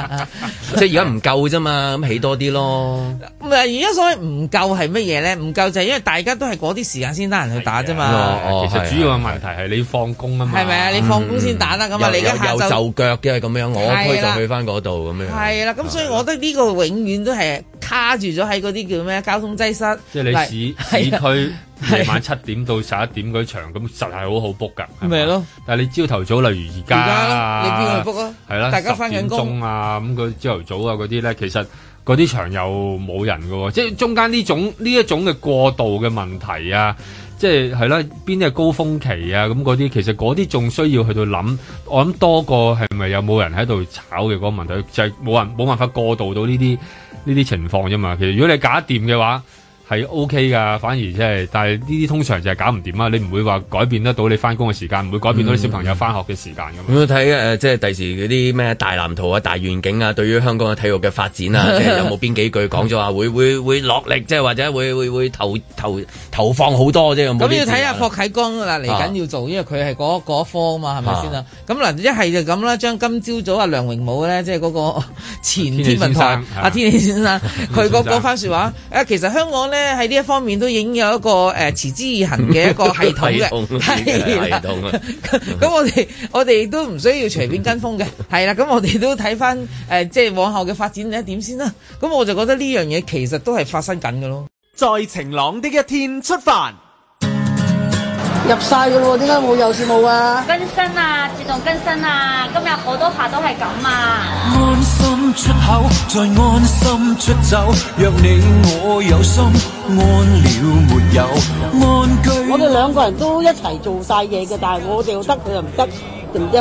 即係而家唔夠啫嘛，咁起多啲咯。唔係而家所謂唔夠係乜嘢咧？唔夠就係因為大家都係嗰啲時間先得閒去打啫嘛。哦哦、其實主要嘅問題係你放工啊嘛。係咪啊？你放工先打啦、嗯，咁啊有，你而家下晝就腳嘅咁樣，我推就去翻嗰度咁樣。係啦，咁所以我覺得呢個永遠都係。卡住咗喺嗰啲叫咩？交通擠塞。即係你市是市區夜、啊、晚七點到十一點嗰場咁，啊、實係好好 book 㗎。咪係咯。但係你朝頭早，例如而家而家，你邊個 book 啊？係啦，大家翻緊工啊，咁佢朝頭早啊嗰啲咧，其實嗰啲場又冇人㗎喎。即係中間呢種呢一種嘅過渡嘅問題啊，即係係啦，邊啲係高峰期啊？咁嗰啲其實嗰啲仲需要去到諗，我諗多過係咪有冇人喺度炒嘅嗰、嗰個問題，就係、是、冇人冇辦法過渡到呢啲。呢啲情況啫嘛，其實如果你搞掂嘅話。係 OK 㗎，反而即係，但係呢啲通常就係搞唔掂啊！你唔會話改變得到你翻工嘅時間，唔會改變到啲小朋友翻學嘅時間㗎嘛？咁要睇誒，即係第時嗰啲咩大藍圖啊、大願景啊，對於香港嘅體育嘅發展啊，即係有冇邊幾句講咗話會會會落力，即係或者會會會投投投放好多啫。咁要睇下霍啟剛嗱嚟緊要做，因為佢係嗰科啊嘛，係咪先啊？咁嗱，一係就咁啦，將今朝早阿梁榮武咧，即係嗰個前天文台阿天氣先生，佢個講翻説話，誒其實香港咧。喺呢一方面都已經有一個誒、呃、持之以恒嘅一個系統嘅，係啦 的。咁的 我哋我哋都唔需要隨便跟風嘅，係啦。 咁我哋都睇翻誒，即、呃、係、就是、往後嘅發展係點先啦。咁我就覺得呢樣嘢其實都係發生緊嘅咯。在晴朗的一天出發。入晒噶咯，點解冇有字幕啊？更新啊，自動更新啊，今日好多下都係咁啊。安心出口，再安心出走，若你我有心，安了沒有安居。我哋兩個人都一齊做晒嘢嘅，但係我哋又得佢又唔得，唔 知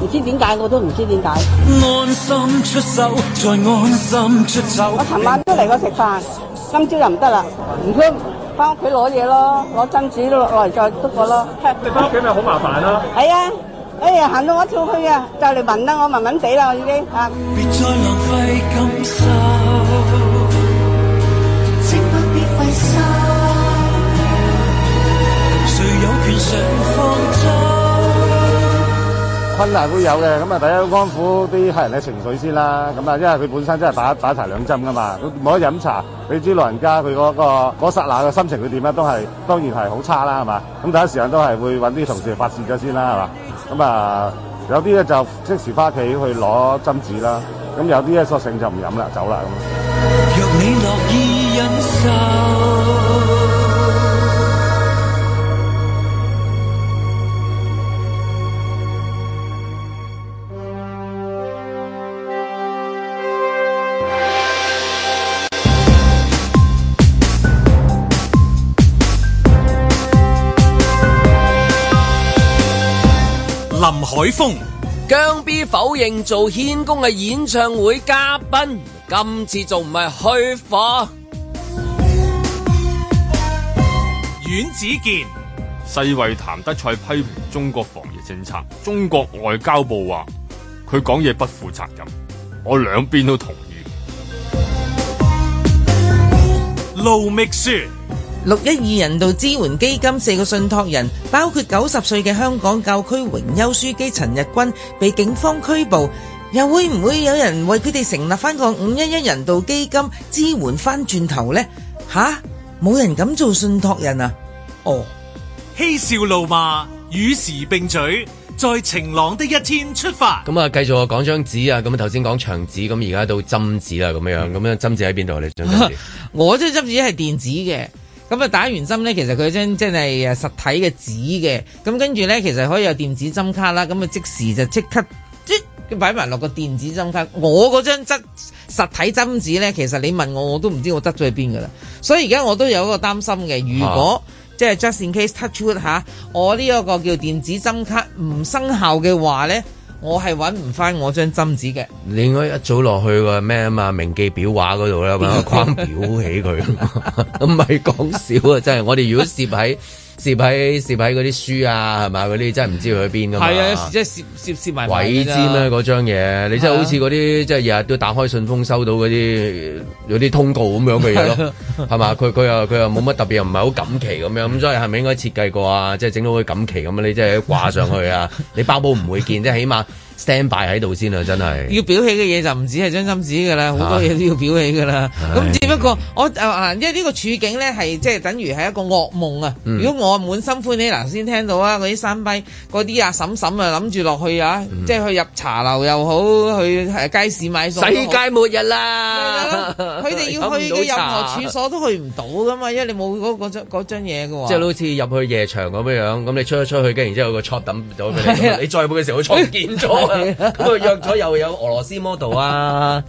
唔知點解，我都唔知點解。安心出手，再安心出走，我尋晚都嚟過食飯，嗯、今朝又唔得啦，唔通？翻屋企攞嘢咯，攞針紙都落嚟再篤過咯。你翻屋企咪好麻煩咯。係啊，哎呀，行到我跳去啊，就嚟問啦，我問問死啦，已經啊，別再浪費咁。困難會有嘅。咁、嗯、啊，第一安撫啲客人嘅情緒先啦，咁、嗯、啊，因為佢本身真係打打齊兩針噶嘛，冇得飲茶，你知老人家佢嗰、嗰個嗰剎那嘅，個心情佢點啊，都係當然係好差啦，係嘛，咁、嗯、第一時間都係會搵啲同事嚟發洩咗先啦，係嘛，咁、嗯、啊，有啲咧就即時翻屋企去攞針紙啦，咁、嗯、有啲咧索性就唔飲啦，走啦咁。嗯若你林海峰，姜 B 否認做軒公嘅演唱會嘉賓，今次仲唔係虛火？阮子健，世衛譚德賽批評中國防疫政策，中國外交部話佢講嘢不負責任，我兩邊都同意。盧覓雪。六一二人道支援基金四個信託人，包括九十歲嘅香港教區榮休書記陳日君被警方拘捕，又會唔會有人為佢哋成立翻個五一一人道基金支援翻轉頭咧？吓、啊，冇人敢做信託人啊！哦，嬉笑怒罵與時並舉，在晴朗的一天出發。咁、嗯、啊，繼續我講張紙啊，咁頭先講牆紙，咁而家到針紙啦，咁樣樣，咁樣針紙喺邊度？你針針紙？ 我啲針紙係電子嘅。咁啊，打完針咧，其實佢有張即係誒實體嘅紙嘅，咁跟住咧，其實可以有電子針卡啦，咁啊即時就即刻，即擺埋落個電子針卡。我嗰張質實體針紙咧，其實你問我我都唔知我得咗去邊噶啦，所以而家我都有一個擔心嘅，如果、啊、即係 just in case touch wood 嚇、啊，我呢一個叫電子針卡唔生效嘅話咧。我係揾唔翻我張針紙嘅，你應該一早落去個咩啊嘛？名記表畫嗰度啦，框裱起佢，唔係講笑啊！ 真係，我哋如果攝喺。 摺喺摺喺嗰啲書啊，係咪？嗰啲真係唔知佢去邊㗎嘛？係啊，有時即係摺摺埋鬼知咩嗰張嘢？你真係好似嗰啲，即係日日都打開信封收到嗰啲有啲通告咁樣嘅嘢咯，係嘛？佢佢又佢又冇乜特別，又唔係好錦旗咁樣，咁所以係咪應該設計過啊？即係整到佢錦旗咁樣，你即係掛上去啊？ 你包保唔會見，即係起碼。Stand by 喺度先啊！真係要表起嘅嘢就唔止係張心紙㗎啦，好、啊、多嘢都要表起㗎啦。咁只唉不過我啊、呃、因為呢個處境咧係即係等於係一個噩夢啊！嗯、如果我滿心歡喜嗱，先聽到啊嗰啲山逼嗰啲阿嬸嬸啊諗住落去啊，嗯、即係去入茶樓又好，去街市買餸。世界末日啦！佢哋要去嘅任何處所都去唔到㗎嘛，因為你冇嗰嗰張嘢㗎喎。即係好似入去夜場咁樣樣，咁你出一出去跟然之後個 t 抌咗俾你，的 你再冇嘅時候佢重見咗。咁啊約咗又有俄羅斯 model 啊，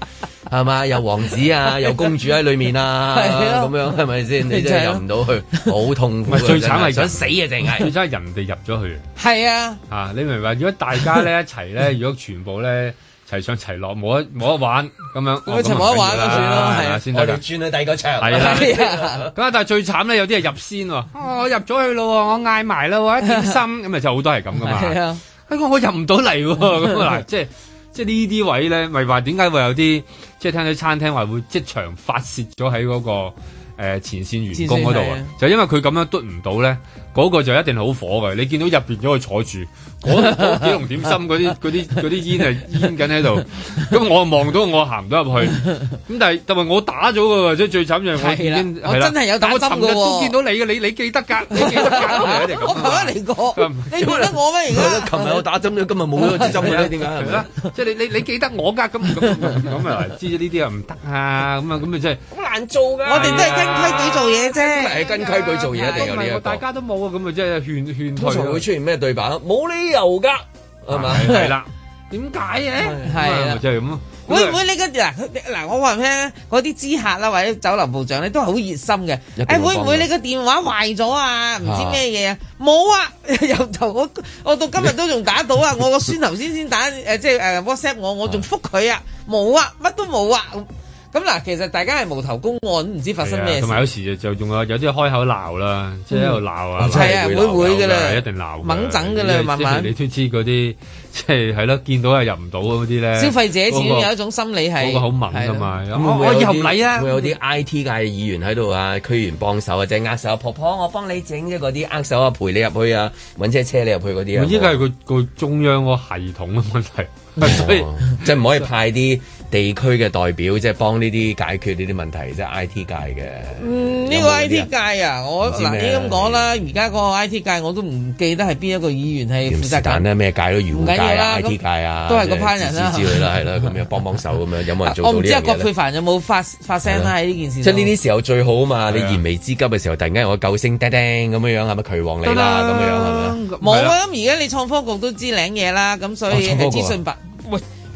係嘛，有王子啊，有公主喺裏面啊，咁樣係咪先？你真係入唔到去，好痛苦。最慘係想死啊，定係？最慘係人哋入咗去。係啊，啊你明唔明啊？如果大家咧一齊咧，如果全部咧齊上齊落，冇得冇得玩咁樣，咁咪冇得玩咯，係啊，先得噶。我哋轉去第二個場。係啊，咁但係最慘咧，有啲係入先喎。我入咗去咯，我嗌埋咯，一點心咁咪就好多係咁噶嘛。我入唔到嚟喎，咁嗱， 即係即係呢啲位咧，咪話點解會有啲，即係聽到餐廳話會即場發泄咗喺嗰個、呃、前線員工嗰度啊，就因為佢咁樣嘟唔到咧。嗰個就一定好火嘅，你見到入邊咗佢坐住，嗰幾籠點心嗰啲嗰啲嗰啲煙係煙緊喺度，咁我望到我行到入去，咁但係同埋我打咗嘅，即係最慘就係我見係啦，真係有打針嘅喎，但係我尋日仲見到你嘅，你你記得㗎，你記得㗎，我嚟過，你記得我咩而家？琴日我打針咗，今日冇咗支針嘅，點解？即係你你你記得我㗎？咁咁啊，知咗呢啲啊唔得啊，咁啊咁啊真係好難做㗎。我哋都係跟規矩做嘢啫，係跟規矩做嘢嚟嘅呢一個，大家都冇。咁咪即係勸勸退會出現咩對白？冇理由㗎，係咪？係一啦。點解嘅？係啊，係係就係咁咯。會唔會你個嗱嗱？我話咩？嗰啲知客啦，或者酒樓部長咧，都係好熱心嘅。誒、哎、會唔會你個電話壞咗啊？唔知咩嘢啊？冇啊！由頭、啊、我我到今日都仲打到啊！我個孫頭先先打誒即係誒 WhatsApp 我，我仲覆佢啊！冇、呃、啊，乜都冇啊！咁嗱，其實大家係無頭公案，唔知發生咩。同埋有時就仲有有啲開口鬧啦，即係喺度鬧啊，係啊，會會噶啦，一定鬧，猛整噶啦，慢慢。你都知嗰啲即係係咯，見到係入唔到嗰啲咧。消費者始終有一種心理係嗰個好猛㗎嘛。我我入唔嚟啦。會有啲 IT 界議員喺度啊，區議員幫手啊，即係握手啊，婆婆，我幫你整咗嗰啲握手啊，陪你入去啊，揾車車你入去嗰啲啊。依家係佢個中央個系統嘅問題，所以即係唔可以派啲。地區嘅代表即係幫呢啲解決呢啲問題，即係 I T 界嘅。嗯，呢個 I T 界啊，我嗱你咁講啦，而家個 I T 界我都唔記得係邊一個議員係負責緊，咩界都唔緊要啦，I T 界啊，都係嗰批人啦，之類啦，係啦，咁又幫幫手咁樣，有冇人做到呢？我唔知葛珮帆有冇發發聲啦喺呢件事。出呢啲時候最好啊嘛，你燃眉之急嘅時候，突然間有個救星叮叮咁樣樣係咪？佢王你啦咁樣樣係冇啊，咁而家你創科局都知領嘢啦，咁所以資訊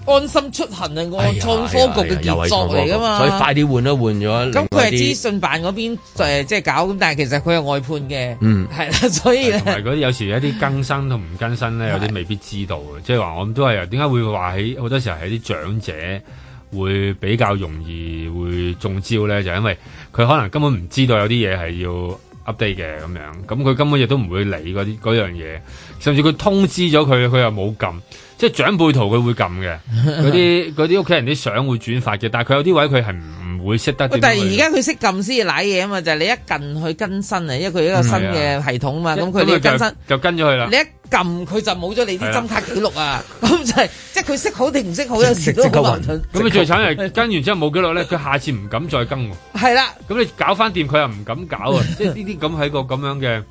安心出行啊，我、哎、呀創科局嘅傑作嚟噶嘛，所以快啲換都換咗。咁佢係資訊辦嗰邊誒，即係搞，咁但係其實佢係外判嘅，嗯，係啦，所以呢，同埋嗰啲有時一啲更新同唔更新咧，有啲未必知道，即係話，的我都係點解會話喺好多時候係啲長者會比較容易會中招咧？就因為佢可能根本唔知道有啲嘢係要 update 嘅咁樣，咁佢根本亦都唔會理嗰啲嗰樣嘢，甚至佢通知咗佢，佢又冇撳。即係長輩圖佢會撳嘅，嗰啲啲屋企人啲相會轉發嘅，但係佢有啲位佢係唔會識得。但係而家佢識撳先要瀨嘢啊嘛，就係你一撳去更新啊，因為佢一個新嘅系統啊嘛，咁佢要更新就跟咗佢啦。你一撳佢就冇咗你啲針卡記錄啊，咁就係即係佢識好定唔識好，有時都好矛盾。咁你最慘係跟完之後冇記錄咧，佢下次唔敢再跟喎。係啦，咁你搞翻掂佢又唔敢搞啊，即係呢啲咁喺個咁樣嘅。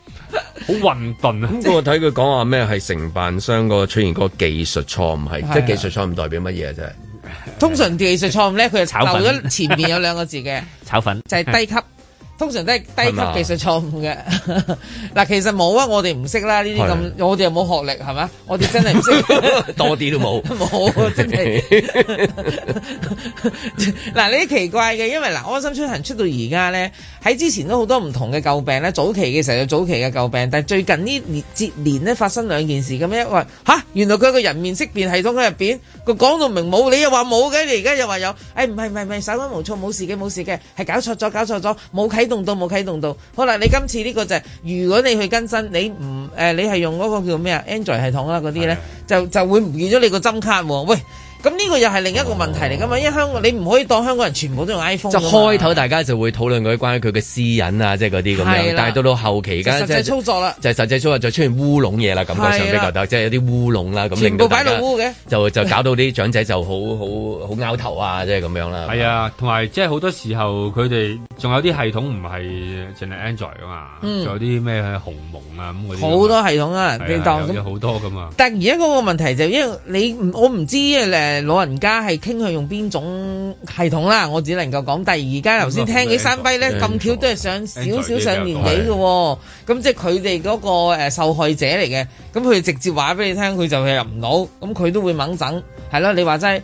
好混沌啊！咁 我睇佢講話咩係承辦商個出現嗰個技術錯誤係， 即係技術錯誤代表乜嘢啊？真係，通常技術錯誤咧，佢就 炒粉。前面有兩個字嘅炒粉，就係低級。 通常都係低級技術錯誤嘅，嗱，其實冇啊，我哋唔識啦，呢啲咁我哋又冇學歷係嘛，我哋真係唔識，多啲都冇，冇真係。嗱，呢啲奇怪嘅，因為，嗱，安心出行出到而家咧，喺之前都好多唔同嘅詬病咧，早期嘅時候有早期嘅詬病，但係最近呢年接連咧，發生兩件事咁樣，一話吓，原來佢一個人面識別系統嘅入邊，佢講到明冇，你又話冇嘅，你而家又話有，誒，唔係唔係唔係，稍安毋躁，冇事嘅冇事嘅，係搞錯咗搞錯咗，冇啟。啟動到冇啟動到，好啦，你今次呢個就係、是，如果你去更新，你唔誒、呃，你係用嗰個叫咩啊，Android 系統啦嗰啲咧，就就會唔見咗你個針卡喎、哦，喂。咁呢個又係另一個問題嚟噶嘛？因為香港，你唔可以當香港人全部都用 iPhone 嘅嘛。即係開頭大家就會討論嗰啲關於佢嘅私隱啊，即係嗰啲咁樣。但係到到後期而家實際操作啦，就係實際操作就出現烏龍嘢啦，感覺上比較多，即係有啲烏龍啦咁。全部擺落烏嘅，就就搞到啲長者就好好好拗頭啊，即係咁樣啦。係啊，同埋即係好多時候佢哋仲有啲系統唔係淨係 Android 啊嘛，仲有啲咩鴻蒙啊咁嗰好多系統啊，好多噶嘛。但係而家嗰個問題就因為你我唔知誒。老人家係傾向用邊種系統啦，我只能夠講。但係而家頭先聽起山輝咧，咁巧都係上少少少上年紀嘅，咁即係佢哋嗰個誒受害者嚟嘅。咁佢直接話俾你聽，佢就係入唔到，咁佢都會掹整係咯。你話齋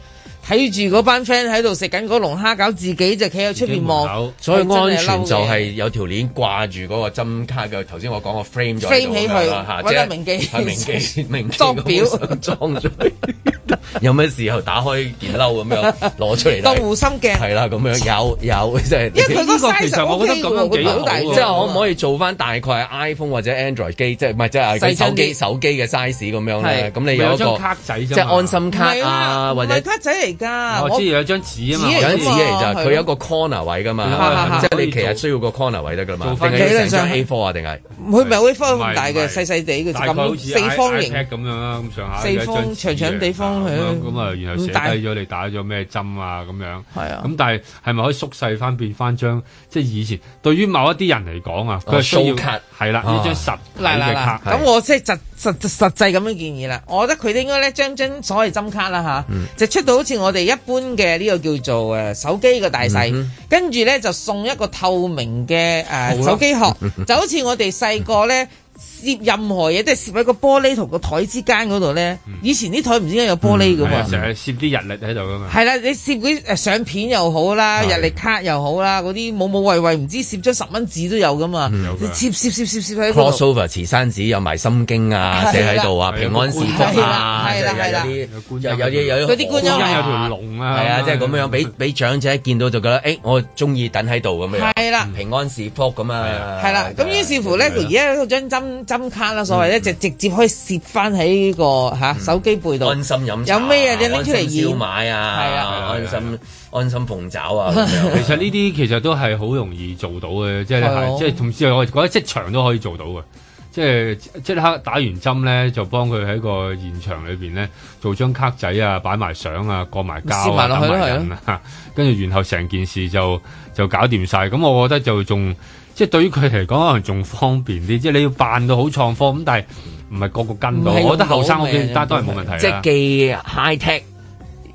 睇住嗰班 friend 喺度食緊嗰龍蝦餃，自己就企喺出面望。所以安全就係有條鏈掛住嗰個針卡嘅。頭先我講個 frame 咗啦，即係明記名記名錶裝咗。有咩時候打開件褸咁樣攞出嚟？當護心鏡係啦，咁樣有有即係呢個其實我覺得咁樣好大喎。即係可唔可以做翻大概 iPhone 或者 Android 機？即係唔係，即係手機，手機嘅 size 咁樣咧？咁你有一張卡仔，即係安心卡啊，或者卡仔嚟而家我知有張紙啊嘛，有張紙嚟就佢有個 corner 位噶嘛，即係你其實需要個 corner 位得噶嘛，定係成張 A4 啊？定係佢唔係 A4 咁大嘅，細細地嘅，咁四方形咁樣啊，咁上下四方長長地方咁啊，咁啊，然後寫低咗你打咗咩針啊咁樣，係啊，咁但係係咪可以縮細翻變翻張即係以前對於某一啲人嚟講啊，佢需要係啦呢張實體嘅卡咁我即係實實際咁嘅建議啦，我覺得佢哋應該咧將張所謂針卡啦吓，嗯、就出到好似我哋一般嘅呢、呢個叫做誒手機嘅大細，嗯、哼跟住咧就送一個透明嘅誒、呃、的手機殼， 就好似我哋細個咧。嗯攝任何嘢，即係攝喺個玻璃同個台之間嗰度咧。以前啲台唔知解有玻璃噶嘛，成日攝啲日曆喺度噶嘛。係啦，你攝啲誒相片又好啦，日曆卡又好啦，嗰啲冇冇謂謂，唔知攝咗十蚊紙都有噶嘛。你攝攝攝攝喺度。cross over 慈山寺紙有埋心經啊，寫喺度啊，平安時福啊，即係嗰啲。有有有有嗰啲觀音有條龍啊，係啊，即係咁樣俾俾長者見到就覺得：「誒，我中意等喺度咁樣。係啦，平安時福咁啊。係啦，咁於是乎咧，而家嗰張針。針卡啦，所謂咧就直接可以攝翻喺個嚇手機背度，安心飲，有咩啊，你拎出嚟要買啊，安心燒賣啊，係啊，安心安心鳳爪啊。其實呢啲其實都係好容易做到嘅，即係即係，同時我覺得職場都可以做到嘅，即係即刻打完針咧，就幫佢喺個現場裏邊咧做張卡仔啊，擺埋相啊，過埋膠啊，打埋印啊，跟住然後成件事就就搞掂晒。咁我覺得就仲～即係對於佢嚟講可能仲方便啲，即係你要扮到好創科咁，但係唔係個個跟到。我覺得後生我見，但係都係冇問題。即係既 high tech，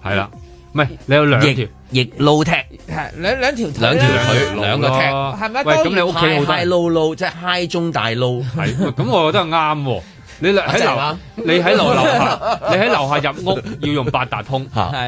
係啦，唔係你有兩條亦 low tech，係兩兩條兩條腿兩個踢，係咪？咁你屋企好大，大 low low 即係 high 中大 low。係咁，我覺得啱。你喺樓，你喺樓樓下，你喺樓下入屋要用八達通，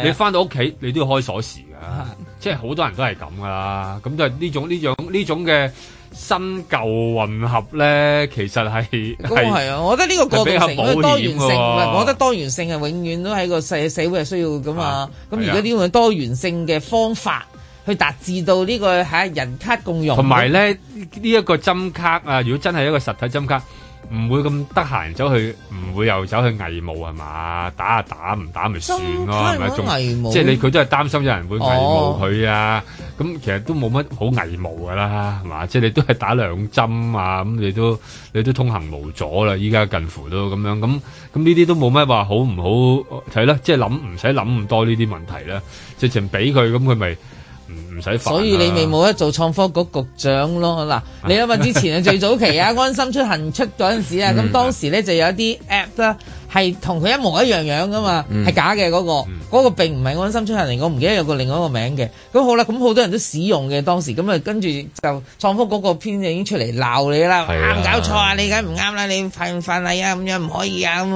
你翻到屋企你都要開鎖匙噶。即係好多人都係咁噶啦，咁都係呢種呢種呢種嘅。新舊混合咧，其實係咁啊！我覺得呢個過程，性，多元性，啊、我覺得多元性係永遠都係個社社會係需要噶嘛。咁如果呢種多元性嘅方法，啊、去達至到呢、這個嚇、啊、人卡共用，同埋咧呢一、這個針卡啊！如果真係一個實體針卡。唔會咁得閒走去，唔會又走去偽冒，係嘛？打啊，打唔打咪算咯，係咪？仲偽冒？即係你佢都係擔心有人會偽冒佢啊？咁、哦、其實都冇乜好偽冒噶啦，係嘛？即係你都係打兩針啊，咁你都你都通行無阻啦。依家近乎都咁樣，咁咁呢啲都冇咩話好唔好睇咧？即係諗唔使諗咁多呢啲問題咧，直情俾佢咁佢咪。唔使所以你咪冇得做創科局局長咯。嗱，你諗下之前啊，最早期啊， 安心出行出嗰陣時啊，咁、 嗯、當時咧就有一啲 app 啦，係同佢一模一樣樣噶嘛，係、嗯、假嘅嗰、嗰個，嗰、嗯、並唔係安心出行嚟，我唔記得有個另外一個名嘅。咁好啦，咁好多人都使用嘅當時，咁啊跟住就創科嗰個編就已經出嚟鬧你啦，啊搞錯啊，你梗唔啱啦，你瞓唔瞓啊？咁樣唔可以啊，咁，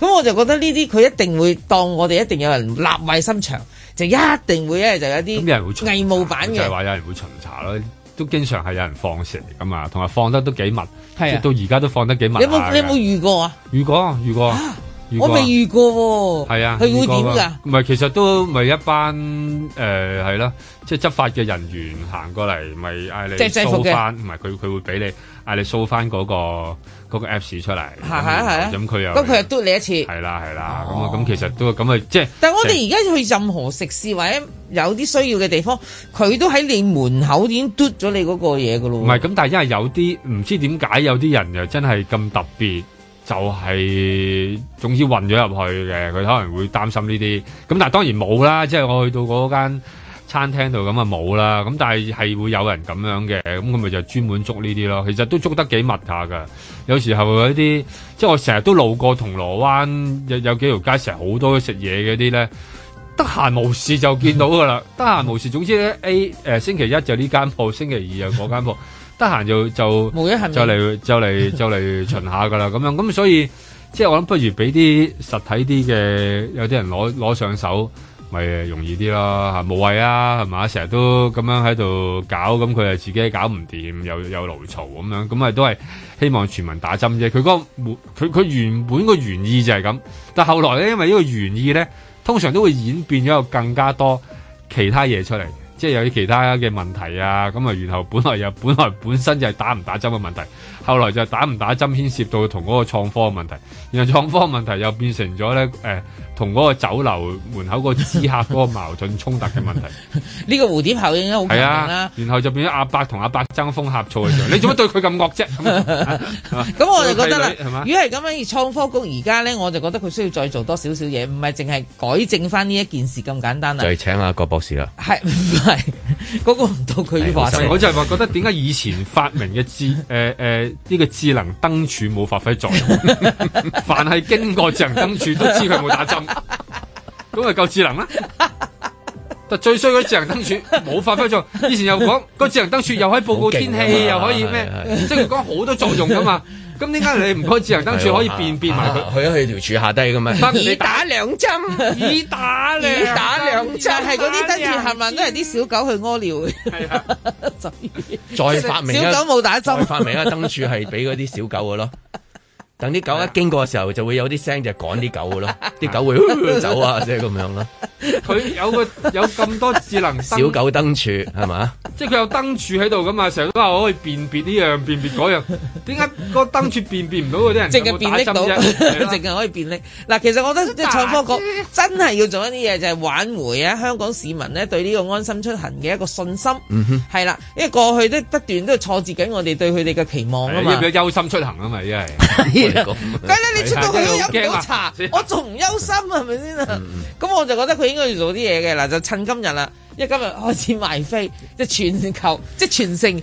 咁我就覺得呢啲佢一定會當我哋一定有人立壞心腸。就一定會咧，就有啲偽冒版嘅，就係話有人會巡查咯，都經常係有人放蛇嚟㗎嘛，同埋放得都幾密，啊、到而家都放得幾密下嘅。你有冇遇過啊？遇過遇過，我未遇過喎。係啊，佢會點㗎？唔係，其實都咪一班誒係咯，即、呃、係、啊就係、執法嘅人員行過嚟，咪嗌你掃翻，唔係佢佢會俾你嗌你掃翻嗰、嗰個。個 apps 出嚟，咁佢又，咁佢又嘟你一次。係啦係啦，咁啊咁、啊嗯嗯、其實都咁啊即係。嗯就是，但係我哋而家去任何食肆或者有啲需要嘅地方，佢都喺你門口已經嘟咗你嗰個嘢噶咯。唔係，咁但係因為有啲唔知點解有啲人又真係咁特別，就係、是、總之混咗入去嘅，佢可能會擔心呢啲。咁但係當然冇啦，即、就、係、是、我去到嗰間。餐廳度咁啊冇啦，咁但係係會有人咁樣嘅，咁佢咪就專門捉呢啲咯。其實都捉得幾密下噶，有時候有啲即係我成日都路過銅鑼灣，有有幾條街成日好多食嘢嗰啲咧，得閒無事就見到噶啦。得 閒無事，總之咧 A 誒星期一就呢間鋪，星期二就嗰間鋪，得 閒就就一就嚟就嚟就嚟巡下噶啦。咁樣咁、嗯、所以即係我諗不如俾啲實體啲嘅有啲人攞攞上手。係啊、哎，容易啲咯，吓無謂啊，係嘛、啊，成日都咁樣喺度搞，咁佢又自己搞唔掂，又又勞嘈咁樣，咁啊都係希望全民打針啫。佢、個原佢佢原本個原意就係咁，但係後來咧，因為呢個原意咧，通常都會演變咗更加多其他嘢出嚟，即係有啲其他嘅問題啊。咁啊，然後本來又本，本來本身就係打唔打針嘅問題，後來就係打唔打針牽涉到同嗰個創科嘅問題，然後創科嘅問題又變成咗咧誒。呃同嗰個酒樓門口個知客嗰個矛盾衝突嘅問題，呢 個蝴蝶效應都好緊要。然後就變咗阿伯同阿伯爭風呷醋嘅時候，你做乜對佢咁惡啫？咁我就覺得啦，如果係咁樣，創科局而家咧，我就覺得佢需要再做多少少嘢，唔係淨係改正翻呢一件事咁簡單啊！就係請阿郭博士啦，係唔係？嗰 個唔到佢發聲，我就係話覺得點解以前發明嘅智誒誒呢個智能燈柱冇發揮作用？欸、凡係經過智能燈柱都知佢冇打針。咁咪夠智能啦！但最衰嗰智能燈柱冇發揮作用。以前又講個智能燈柱又可以報告天氣，又可以咩？即係佢講好多作用噶嘛。咁點解你唔開智能燈柱可以變變埋佢？去去條柱下低噶嘛？你打兩針，你打兩，你打兩針係嗰啲燈柱，係咪？都係啲小狗去屙尿嘅。再發明，小狗冇打針，發明個燈柱係俾嗰啲小狗噶咯。等啲狗一經過嘅時候，啊、就會有啲聲就趕啲狗嘅咯，啲、啊、狗會喐喐走啊，即係咁樣咯。佢有個有咁多智能燈 小狗燈柱係嘛，即係佢有燈柱喺度㗎嘛。成日都話我可以辨別呢樣辨別嗰樣。點解 個燈柱辨別唔到嗰啲人？淨係辨力到，淨係 可以嗱，其實我覺得即係創科局真係要做一啲嘢，就係、是、挽回啊香港市民咧對呢個安心出行嘅一個信心。嗯哼，係啦，因為過去不斷都不斷都挫折緊我哋對佢哋嘅期望啊嘛，憂心出行啊嘛，一係。 梗係啦， 你出到去都飲唔到茶，憂 我仲唔憂心係咪先啊？咁、 嗯、我就覺得佢應該要做啲嘢嘅嗱，就趁今日啦，因為今日開始賣飛，即係全球，即係全城。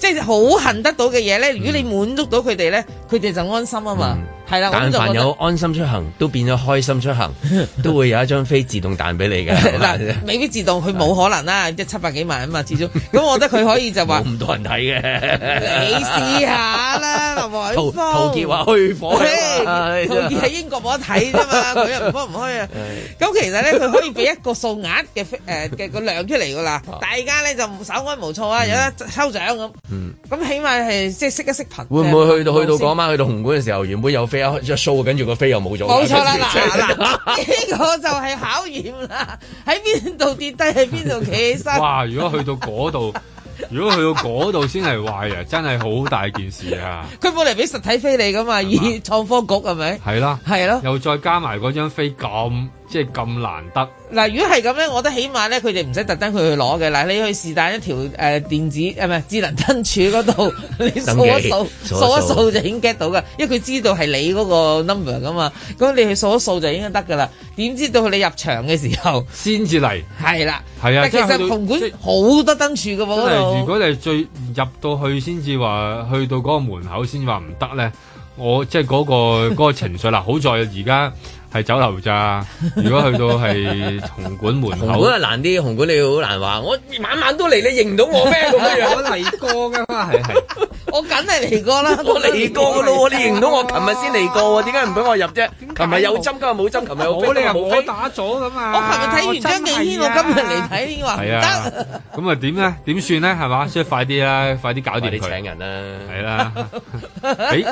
即係好恨得到嘅嘢咧，如果你滿足到佢哋咧，佢哋就安心啊嘛，係啦。凡有安心出行，都變咗開心出行，都會有一張飛自動彈俾你嘅。未必自動，佢冇可能啦，即係七百幾萬啊嘛，至少。咁我覺得佢可以就話，唔多人睇嘅，你試下啦，林海峯。陶傑話開火，陶傑喺英國冇得睇啫嘛，佢又唔開唔開啊。咁其實咧，佢可以俾一個數額嘅飛嘅個量出嚟㗎啦。大家間咧就稍安無躁啊，有得抽獎咁。嗯，咁起碼係即係識一識頻，會唔會去到去到嗰晚去到紅館嘅時候，原本有飛啊，即係跟住個飛又冇咗，冇錯啦。嗱呢個就係考驗啦。喺邊度跌低喺邊度企起身。哇！如果去到嗰度，如果去到嗰度先係壞啊，真係好大件事啊。佢冇嚟俾實體飛你噶嘛？以創科局係咪？係啦，係咯，又再加埋嗰張飛咁。即係咁難得嗱，如果係咁咧，我覺得起碼咧，佢哋唔使特登去去攞嘅嗱，你去是但一條誒、呃、電子誒唔係智能燈柱嗰度， 你掃一掃，掃一掃就已經 get 到嘅，因為佢知道係你嗰個 number 噶嘛，咁你去掃一掃就應該得噶啦。點知到你入場嘅時候先至嚟？係來啦，係啊，其實紅館好是多燈柱嘅喎。真係，如果你係最入到去先至話，去到嗰個門口先至話唔得咧，我即係嗰、嗰個嗰個嗰個情緒啦。 好在而家。係酒樓咋？如果去到係紅館門口，紅館係難啲，紅館你好難話我晚晚都嚟，你認到我咩？咁樣？我嚟過噶嘛？係係，我梗係嚟過啦。我嚟過噶咯，你認到我？琴日先嚟過，點解唔俾我入啫？琴日有針，今日冇針。琴日我我打咗咁啊！我琴日睇完張敬軒，我今日嚟睇，話唔得。咁啊？點咧？點算咧？係嘛？所以快啲啦，快啲搞掂佢。你請人啦，係啦。俾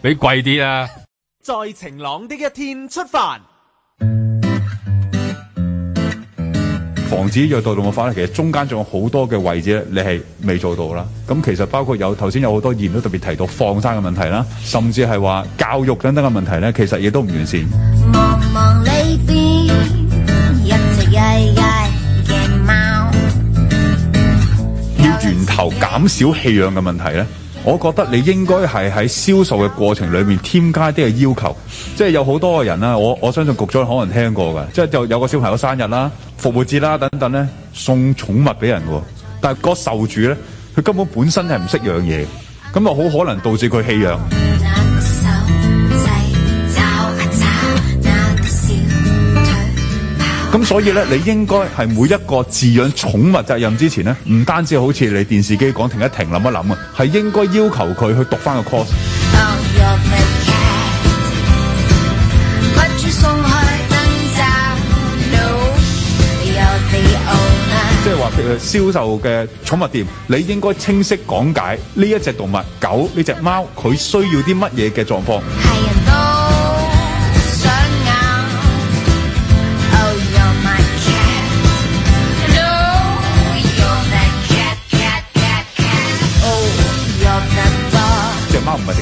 俾貴啲啦。在晴朗的一天出發，防止虐待動物法咧，其實中間仲有好多嘅位置咧，你係未做到啦。咁其實包括有頭先有好多議員都特別提到放生嘅問題啦，甚至係話教育等等嘅問題咧，其實亦都唔完善。要源頭減少棄養嘅問題咧。我覺得你應該係喺銷售嘅過程裡面添加啲嘅要求，即係有好多嘅人啦，我我相信局長可能聽過㗎，即係就有個小朋友生日啦、復活節啦等等咧，送寵物俾人喎，但係嗰受主咧，佢根本本身係唔識養嘢，咁啊好可能導致佢棄養。咁、 嗯、所以咧，你應該係每一個飼養寵物責任之前呢，唔單止好似你電視機講停一停諗一諗啊，係應該要求佢去讀翻個 course。即係話譬如銷售嘅寵物店，你應該清晰講解呢一隻動物狗呢隻貓，佢 需要啲乜嘢嘅狀況。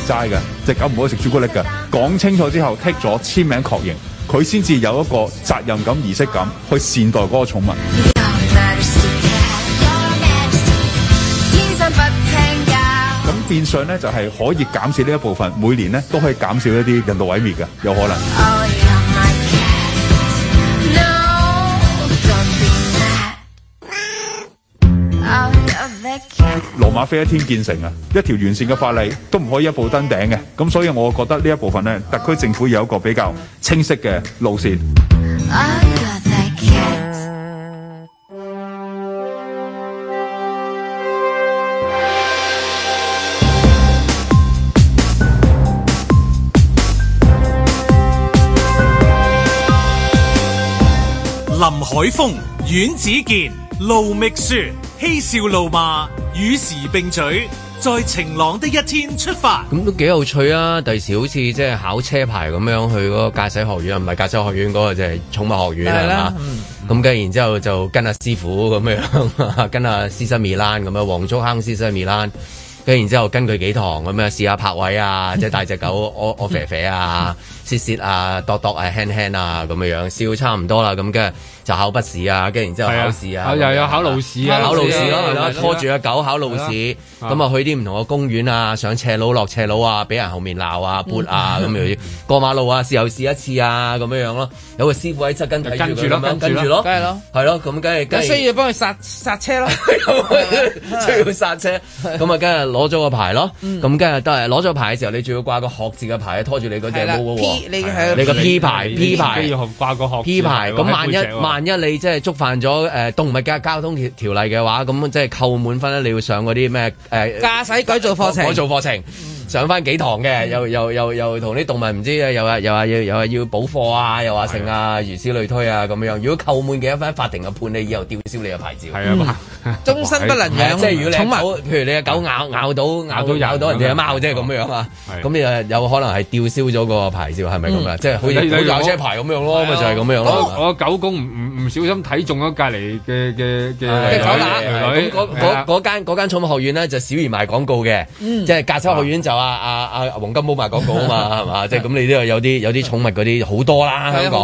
齋嘅隻狗唔可以食朱古力嘅，講 清楚之後剔咗簽名確認，佢先至有一個責任感、儀式感去善待嗰個寵物。咁 變相呢就係、是、可以減少呢一部分，每年呢都可以減少一啲人道毀滅嘅，有可能。羅馬非一天建成啊！一條完善嘅法例都唔可以一步登頂嘅，咁所以我覺得呢一部分呢，特區政府有一個比較清晰嘅路線。林海峰、阮子健、盧覓雪。嬉笑怒罵，與時並進，在晴朗的一天出發，咁、嗯、都幾有趣啊！第時好似即係考車牌咁樣去嗰個駕駛學院，唔係駕駛學院嗰、那個就係、是、寵物學院啦吓。咁跟然之後就跟阿師傅咁樣，跟阿斯斯米蘭咁樣，黃竹坑斯斯米蘭。跟然之後根據幾堂咁樣試下拍位啊，即係帶隻狗屙我肥肥啊，泄泄啊，度跺啊，輕輕啊咁樣樣試到差唔多啦，咁跟住就考筆試啊，跟然之後考試啊，又又有考路試啊，考路試咯，拖住個狗考路試，咁啊去啲唔同嘅公園啊，上斜路落斜路啊，俾人後面鬧啊，撥啊咁樣，過馬路啊，試又試一次啊，咁樣樣咯，有個師傅喺側跟住跟住咯，梗係咯，係咯，咁梗係，梗需要幫佢剎剎車咯，要剎車，咁啊，今攞咗個牌咯，咁跟住都係攞咗牌嘅時候，你仲要掛個學字嘅牌拖住你嗰隻車喎。你係 P 牌 P 牌，P 牌，咁萬一 P，萬一你即係觸犯咗誒、呃、動物嘅交通條例嘅話，咁即係扣滿分咧，你要上嗰啲咩誒駕駛改造課程改？改造課程。嗯上翻幾堂嘅，又又又又同啲動物唔知啊，又話又話要又話要補課啊，又話剩啊，如此類推啊咁樣。如果扣滿嘅，一番，法庭嘅判你以後吊銷你嘅牌照，係啊，終身不能養。即係如果你啊譬如你嘅狗咬咬到咬到咬到人哋嘅貓，即係咁樣啊。咁你有可能係吊銷咗個牌照係咪咁啊？即係好似駕車牌咁樣咯，咪就係咁樣咯。我狗公唔小心睇中咗隔離嘅嘅嘅狗乸，咁嗰嗰間寵物學院呢就少而賣廣告嘅，即係駕車學院就。啊，嘛，阿阿黃金寶賣廣告啊嘛，係嘛？即係咁，你都有啲有啲寵物嗰啲好多啦。香港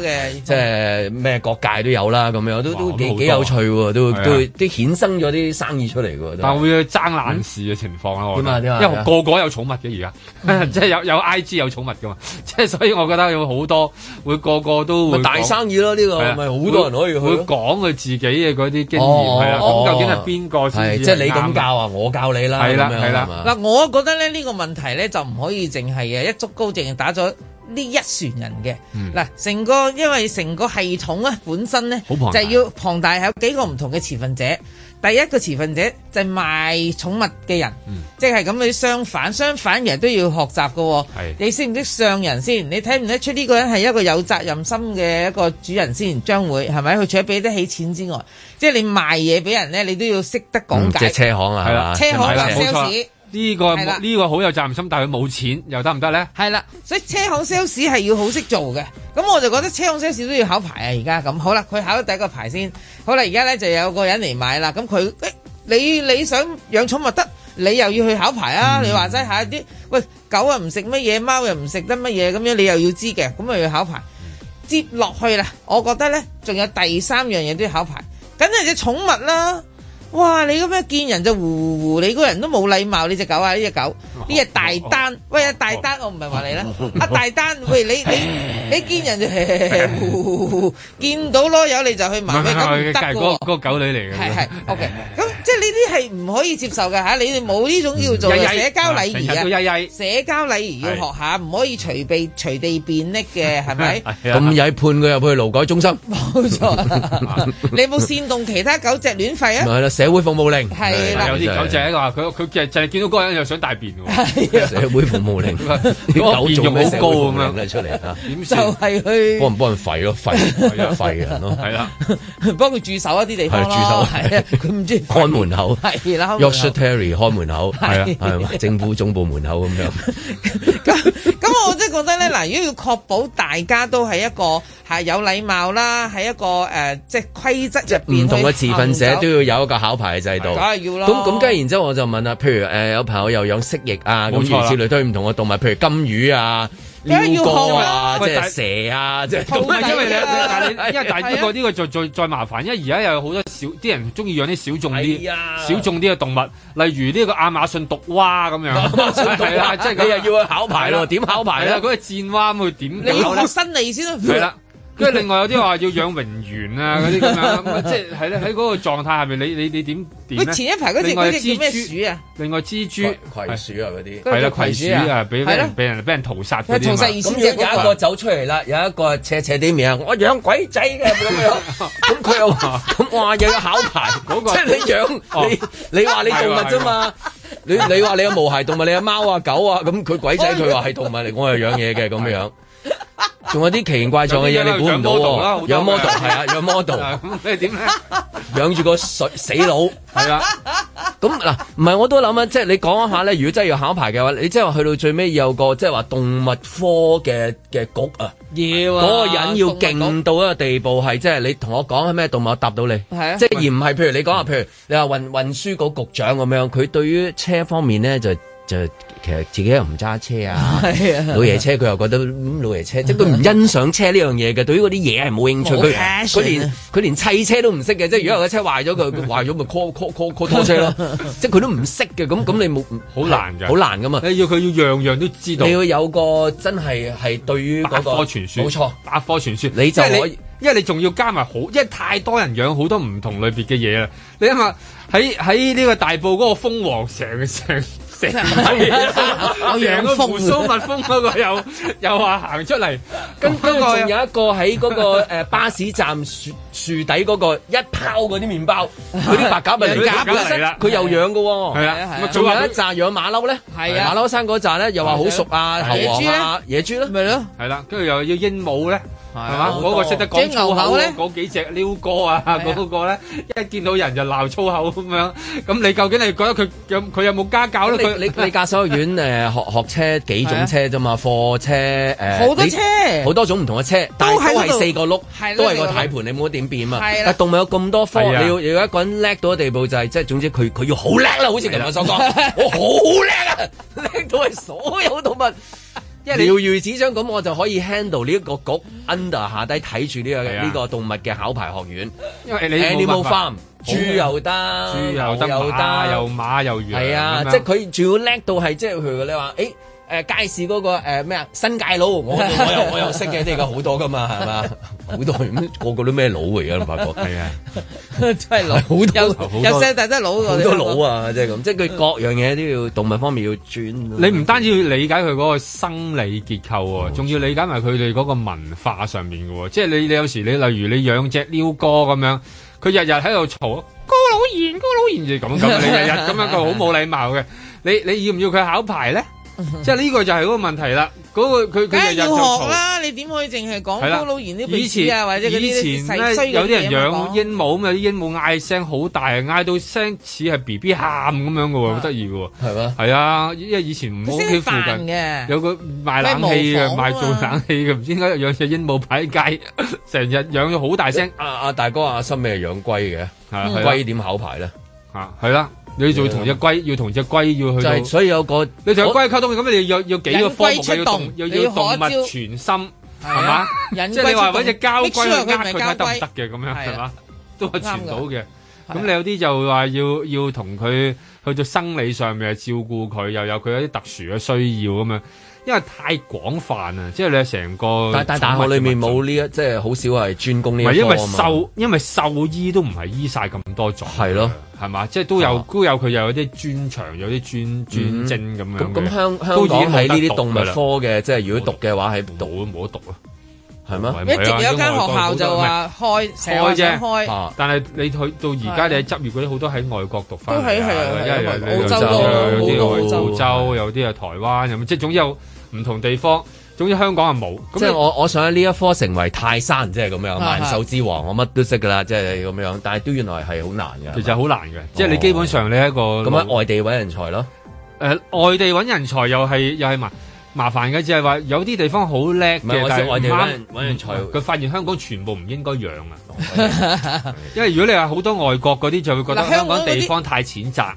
嘅，即係咩各界都有啦，咁樣都都幾幾有趣喎，都都衍生咗啲生意出嚟喎。但會爭難事嘅情況。因為個個有寵物嘅而家，即係有有 IG 有寵物嘅嘛，即係所以我覺得有好多會個個都會大生意咯。呢個咪好多人可以去講佢自己嘅嗰啲經驗。究竟係邊個？即係你咁教啊，我教你啦。係啦，係啦。嗱，我覺得咧。呢個問題呢，就唔可以淨係一足高，淨係打咗呢一船人嘅。嗱，成個因為成個系統啊，本身咧就要龐大，係有幾個唔同嘅持份者。第一個持份者就係賣寵物嘅人，即係咁樣相反，相反人都要學習噶。你識唔識上人先？你睇唔得出呢個人係一個有責任心嘅一個主人先，將會係咪？佢除咗俾得起錢之外，即係你賣嘢俾人呢，你都要識得講解。嗯、即係車行啊，係嘛？呢個呢，的個好有責任心，但係佢冇錢又得唔得呢？係啦的， 所以車行 sales 係要好識做嘅。咁我就覺得車行 sales 都要考牌啊！而家咁好啦，佢考咗第一個牌先。好啦，而家呢就有個人嚟買啦。咁佢誒，你你想養寵物得，你又要去考牌啊？嗯、你話齋下啲餵狗又唔食乜嘢，貓又唔食得乜嘢，咁樣你又要知嘅，咁咪要考牌。接落去啦，我覺得呢，仲有第三樣嘢都要考牌，梗係隻寵物啦。哇！你咁樣見人就糊糊，你個人都冇禮貌。你隻狗，狗、哦、啊，呢隻狗呢隻大丹喂，啊大丹我唔係話你啦，啊大丹喂，你你你見人就糊糊，見到囉柚你就去聞，咩咁唔得。嗰個嗰狗女嚟嘅，係係、嗯、OK、嗯。Okay, 即係呢啲係唔可以接受嘅吓，你哋冇呢種叫做社交禮儀啊！社交禮儀要學下，唔可以隨地隨地便溺嘅係咪？咁又判佢入去勞改中心，冇錯。你有冇煽動其他狗隻亂吠啊？係啦，社會服務令係啦。有啲狗隻話佢佢其實就係見到嗰個人又想大便喎。係社會服務令，啲狗仲好高咁樣出嚟嚇，就係去幫唔幫人吠咯？吠吠人咯，係啦，幫佢駐守一啲地方咯，係啊，佢唔知。門口係啦，Yorkshire Terrier 開門口係啊，係嘛，政府總部門口咁樣。咁咁 我即係覺得咧，嗱， 如果要確保大家都係一個係有禮貌啦，喺一個誒即係規則入邊，唔同嘅持份者都要有一個考牌嘅制度。梗係要啦。咁咁跟然之後我就問啊，譬如誒有、呃、朋友又養蜥蜴啊，咁於是都係唔同嘅動物，譬如、啊、如金魚啊。你要碰啊！即係蛇啊！即係都唔係因為但係你、啊、因為大不過呢個就再再麻煩，因為而家又有好多小啲、啊、人中意養啲小眾啲、小眾啲嘅動物，例如呢個亞馬遜毒蛙咁樣，即係你又要去考牌咯？點了考牌啊？嗰、那個箭蛙咁去點考？你新學生理先啦、啊。 跟住另外有啲話要養蠑螈啊嗰啲咁樣，即係咧喺嗰個狀態下面，你你你點點咧？前一排嗰隻叫咩鼠啊？另外蜘蛛、葵鼠啊嗰啲係啦，葵鼠啊俾俾人俾人屠殺嗰啲。二千隻有一個走出嚟啦，有一個斜斜啲面啊，我養鬼仔嘅咁樣，咁佢又咁哇又要考牌嗰個，即係你養你你話你動物啫嘛？你你話你有無害動物，你有貓啊狗啊，咁佢鬼仔佢話係動物嚟，我係養嘢嘅咁樣。仲有啲奇形怪狀嘅嘢，你估唔到喎。哦，養 model 係啊，養 model 你點咧？養住 個水死佬，係 啊，咁嗱唔係我都諗啊，即係你講一下咧，如果真係要考牌嘅話，你即係話去到最尾有個即係話動物科嘅嘅局啊，要嗰 Yeah, 個人要勁到一個地步，係即係你同我講係咩動物，我答到你，係啊，即係而唔係譬如你講下，譬如你話運運，運輸局局長咁樣，佢對於車方面咧就。就其實自己又唔揸車啊，老爺車佢又覺得老爺車，即係佢唔欣賞車呢樣嘢嘅。對於嗰啲嘢係冇興趣，佢佢連佢連砌車都唔識嘅。即係如果有個車壞咗，佢壞咗咪 call call call call 拖車咯。即係佢都唔識嘅。咁咁你冇好難嘅，好難㗎嘛。你要佢要樣樣都知道，你要有個真係係對於百科傳說。冇錯，百科傳說，你就可以，因為你仲要加埋好，因為太多人養好多唔同類別嘅嘢啦。你諗下喺喺呢個大埔嗰個鳳凰蛇嘅聲。成日唔睇嘢，阿羊個鬍鬚蜜蜂嗰個又又話行出嚟，跟嗰個仲有一個喺嗰個誒巴士站樹樹底嗰個一拋嗰啲麵包，嗰啲白鴿咪亂咁走嚟啦。佢又養嘅喎，係啊，仲有一紮養馬騮咧，馬騮山嗰紮咧又話好熟啊，野豬啊，野豬咯咪咯，係啦，跟住又要鸚鵡咧。係嘛？嗰個識得講粗口嗰幾隻撩哥啊！嗰個咧一見到人就鬧粗口咁樣。咁你究竟你覺得佢有佢有冇家教咧？你你你駕駛學院誒學學車幾種車啫嘛？貨車誒，好多車好多種唔同嘅車，都係四個轆，都係個底盤，你冇得點變嘛？但動物有咁多貨，你要要一個人叻到嘅地步就係即係總之佢佢要好叻啦，好似動物駕駛，我好叻啊！叻到係所有動物。瞭如指掌咁，我就可以 handle 呢一個局 under 下低睇住呢個呢個動物嘅考牌學院。因為你 Animal Farm，豬又像得，豬又得，馬又，得又馬又羊，係啊的，即係佢仲要叻到係，即係佢咧話誒。誒街市嗰、那個咩啊、呃，新界佬，我我又我又識嘅啲咁好多噶嘛，係嘛？好 多咁個個都咩佬嚟㗎？你發覺係啊，真係好有有聲大得佬，好多佬啊！即係咁，即係佢各樣嘢都要動物方面要專、啊。你唔單止要理解佢嗰個生理結構喎，仲錯要理解埋佢哋嗰個文化上面嘅喎。即係你你有時你例如你養隻鷯哥咁樣，佢日日喺度嘈，哥老二，哥老二就咁你日日咁樣佢好冇禮貌嘅。你你要唔要佢考牌咧？ 即係呢個就係嗰個問題啦，嗰、嗰個佢佢又入啦，你點可以淨係講古老言呢邊啊？或者以前有啲人養鸚鵡，有啲鸚鵡嗌聲好大，嗌到聲似係 B B 喊咁樣嘅喎，好得意嘅喎，係係啊，因為以前我屋企附近嘅。有個賣冷氣嘅，啊、賣做冷氣嘅，唔知點解養隻鸚鵡擺喺街，成日養咗好大聲。阿阿大哥阿生，你係養龜嘅，啊，龜點、啊啊嗯、考牌咧？吓、啊，係啦、啊。你仲要同隻龜要同隻龜要去，所以有個你同龜溝通咁，你要要幾個科目要要動物傳心，係嘛？即係你話搵隻膠龜呃佢，睇得唔得嘅咁樣係嘛？都係傳到嘅。咁你有啲就話要要同佢去到生理上面啊照顧佢，又有佢一啲特殊嘅需要咁樣。因為太廣泛啦，即係你成個，但大學裏面冇呢一，即係好少係專攻呢科唔係因為獸，因為獸醫都唔係醫晒咁多種。係咯，係嘛，即係都有，都有佢又有啲專長，有啲專專精咁樣。咁香香已港喺呢啲動物科嘅，即係如果讀嘅話，喺度都冇得讀啦，係咩？一直有一間學校就話開開啫，開。但係你去到而家，你喺執業嗰啲好多喺外國讀翻，都喺係啊，因為澳洲有啲，澳洲有啲啊，台灣咁，即係總之有。唔同地方，總之香港係冇。即係我我想呢一科成為泰山，即係咁樣是是萬獸之王，我乜都識噶啦，即係咁樣。但係都原來係好難嘅。其實好難嘅，哦、即係你基本上你一個咁樣外地揾人才咯。誒、呃，外地揾人才又係又係麻麻煩嘅，只係話有啲地方好叻，但係啱揾人才、嗯。佢、嗯、發現香港全部唔應該養啊， 因為如果你話好多外國嗰啲就會覺得香港地方太淺窄。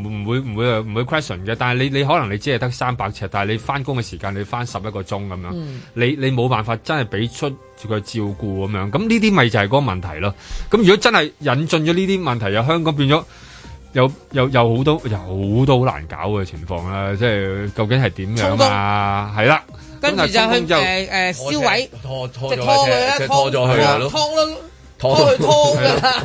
唔會唔會唔會 question 嘅，但係你你可能你只係得三百尺，但係你翻工嘅時間你翻十一個鐘咁樣，你、嗯、你冇辦法真係俾出佢照顧咁樣，咁呢啲咪就係嗰個問題咯。咁如果真係引進咗呢啲問題，由香港變咗有有有好多有好多好難搞嘅情況啦，即係究竟係點樣啊？係啦動，了跟住著就向誒誒燒毀，拖拖咗佢。拖咯。開拖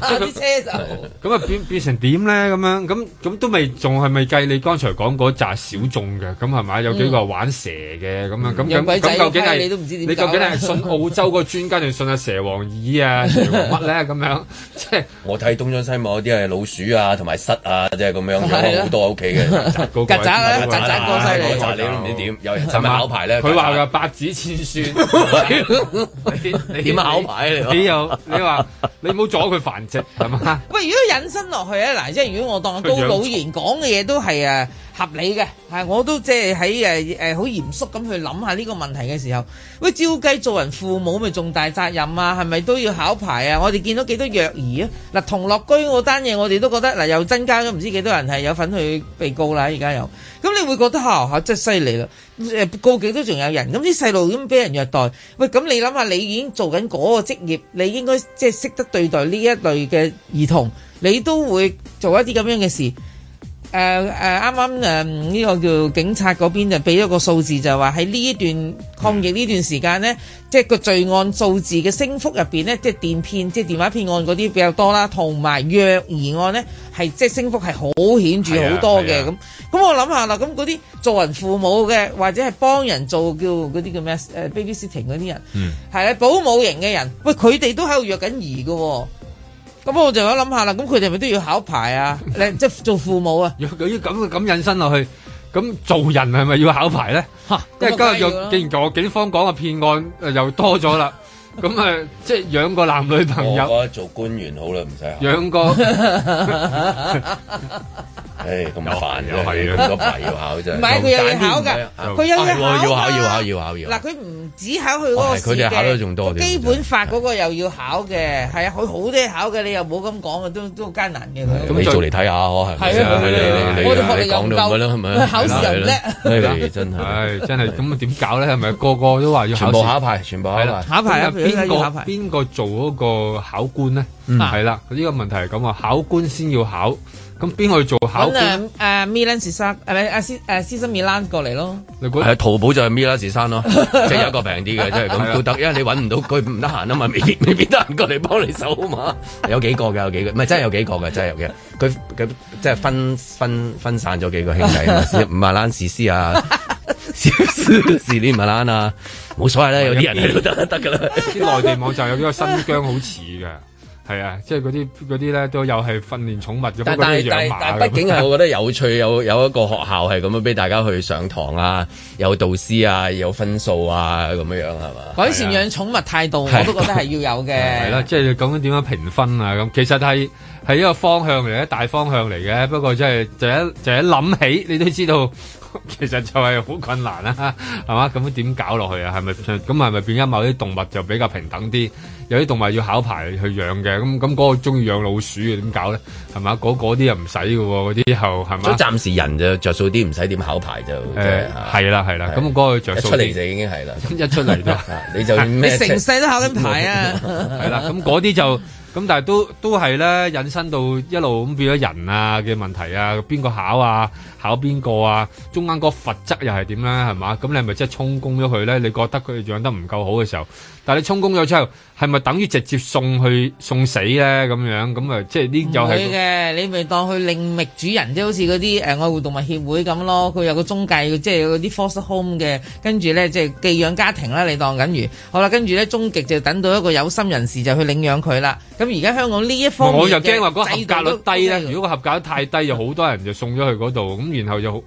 噶，啲車就咁啊變變成點咧？咁樣咁咁都未仲係咪計你剛才講嗰紮小眾嘅？咁係咪？有幾個玩蛇嘅咁樣咁咁究竟係你究竟係信澳洲個專家定信阿蛇王二啊？乜咧？咁樣即係我睇東張西望啲係老鼠啊，同埋虱啊，即係咁樣有好多屋企嘅曱甴曱甴多犀利，你都唔知點有人考牌咧？佢話佢八指千算，你你點考牌你又你話？你唔好阻佢繁殖係嘛。喂， 如果引申落去咧，嗱，即係如果我當高老賢講嘅嘢都係誒合理嘅，係我都即係喺誒誒好嚴肅咁去諗下呢個問題嘅時候，喂，照計做人父母咪重大責任啊，係咪都要考牌啊？我哋見到幾多虐兒啊？嗱、啊，同樂居嗰單嘢，我哋都覺得嗱、啊，又增加咗唔知幾多人係有份去被告啦。而家又，咁，你會覺得吓吓、啊啊啊、真係犀利啦。誒、呃，告警都仲有人，咁啲細路咁俾人虐待，喂，咁你諗下，你已經做緊嗰個職業，你應該即係識得對待呢一類嘅兒童，你都會做一啲咁樣嘅事。誒誒，啱啱誒呢個叫警察嗰邊就俾咗個數字，就話喺呢一段抗疫呢段時間咧、嗯，即係個罪案數字嘅升幅入邊咧，即係電騙、即係電話騙案嗰啲比較多啦，同埋虐兒案咧係即係升幅係好顯著好多嘅。咁咁、啊啊、我諗下啦，咁嗰啲做人父母嘅或者係幫人做叫嗰啲叫咩誒、呃、baby sitting 嗰啲人，係啦、嗯啊，保姆型嘅人，喂佢哋都喺度虐緊兒㗎喎、哦。咁我就有諗下啦，咁佢哋係咪都要考牌啊？咧即係做父母啊？若佢要咁咁，引申落去，咁做人係咪要考牌咧？吓，即係今日又既然警方講嘅騙案又多咗啦，咁啊即係養個男女朋友。我覺得做官員好啦，唔使考。養個。唉，咁煩又係啊，咁多牌要考真係，唔係佢有人考噶，佢有要考要考要考要考。嗱，佢唔止考佢嗰個，佢哋考得仲多啲。基本法嗰個又要考嘅，係啊，佢好多考嘅，你又冇咁講啊，都都艱難嘅。咁你做嚟睇下可係咪啊？我哋學歷又夠，考試又叻，真係，真係，咁啊，點搞咧？係咪個個都話要考？全部考牌，全部考牌啊！邊個邊個做嗰個考官咧？嗯，係啦，呢個問題係咁啊，考官先要考。咁邊個做考官？誒誒、uh, 米蘭士山，誒咪阿師誒師生米蘭過嚟咯。你講係 淘寶就係米蘭士山咯，即、就、係、是、一個平啲嘅，即係咁就得、是。啊、因為你搵唔到佢唔得閒啊嘛，未必未必得閒過嚟幫你手啊嘛。有幾個嘅有，有幾個，唔係真係有幾個嘅，真係有幾個。佢佢即係分分分散咗幾個兄弟，五啊蘭士師啊，士士呢五啊蘭啊，冇所謂啦，有啲人嚟都得得噶啦。啲內 地網站有幾個新疆好似嘅。係啊，即係嗰啲嗰啲咧，都有係訓練寵物咁嗰啲養馬嘅。但係，但但但畢竟係我覺得有趣，有 有一個學校係咁樣俾大家去上堂啊，有導師啊，有分數啊，咁樣樣係嘛？改善養寵物態度，啊、我都覺得係要有嘅。係啦、啊啊啊，即係究竟點樣評分啊？咁其實係係一個方向嚟，嘅，大方向嚟嘅。不過即、就、係、是、就一就一諗起，你都知道其實就係好困難啦。係嘛？咁樣點搞落去啊？係咪咁？係咪變咗某啲動物就比較平等啲？有啲動物要考牌去養嘅，咁咁嗰個中意養老鼠嘅點搞咧？係嘛？嗰嗰啲又唔使嘅喎，嗰啲又係嘛？咁暫時人就著數啲，唔使點考牌就。誒，係啦係啦，咁嗰個著數。一出嚟就已經係啦，一出嚟都。你就你成世都考緊牌啊！係啦，咁嗰啲就咁，但係都都係咧引申到一路咁變咗人啊嘅問題啊，邊個考啊？搞邊個啊？中間個罰則又係點咧？係嘛？咁你係咪即係充公咗佢咧？你覺得佢養得唔夠好嘅時候，但係你充公咗之後，係咪等於直接送去送死咧？咁樣咁啊，即係呢？又係唔會嘅，你咪當去另覓主人，即好似嗰啲誒愛護動物協會咁咯。佢有個中介即係嗰啲 foster home 嘅，跟住咧即係寄養家庭啦。你當緊如好啦，跟住咧終極就等到一個有心人士就去領養佢啦。咁而家香港呢一方。我就驚話個合格率低咧。如果個合格率太低，就好多人就送咗去嗰、嗯、度咁。然後又好，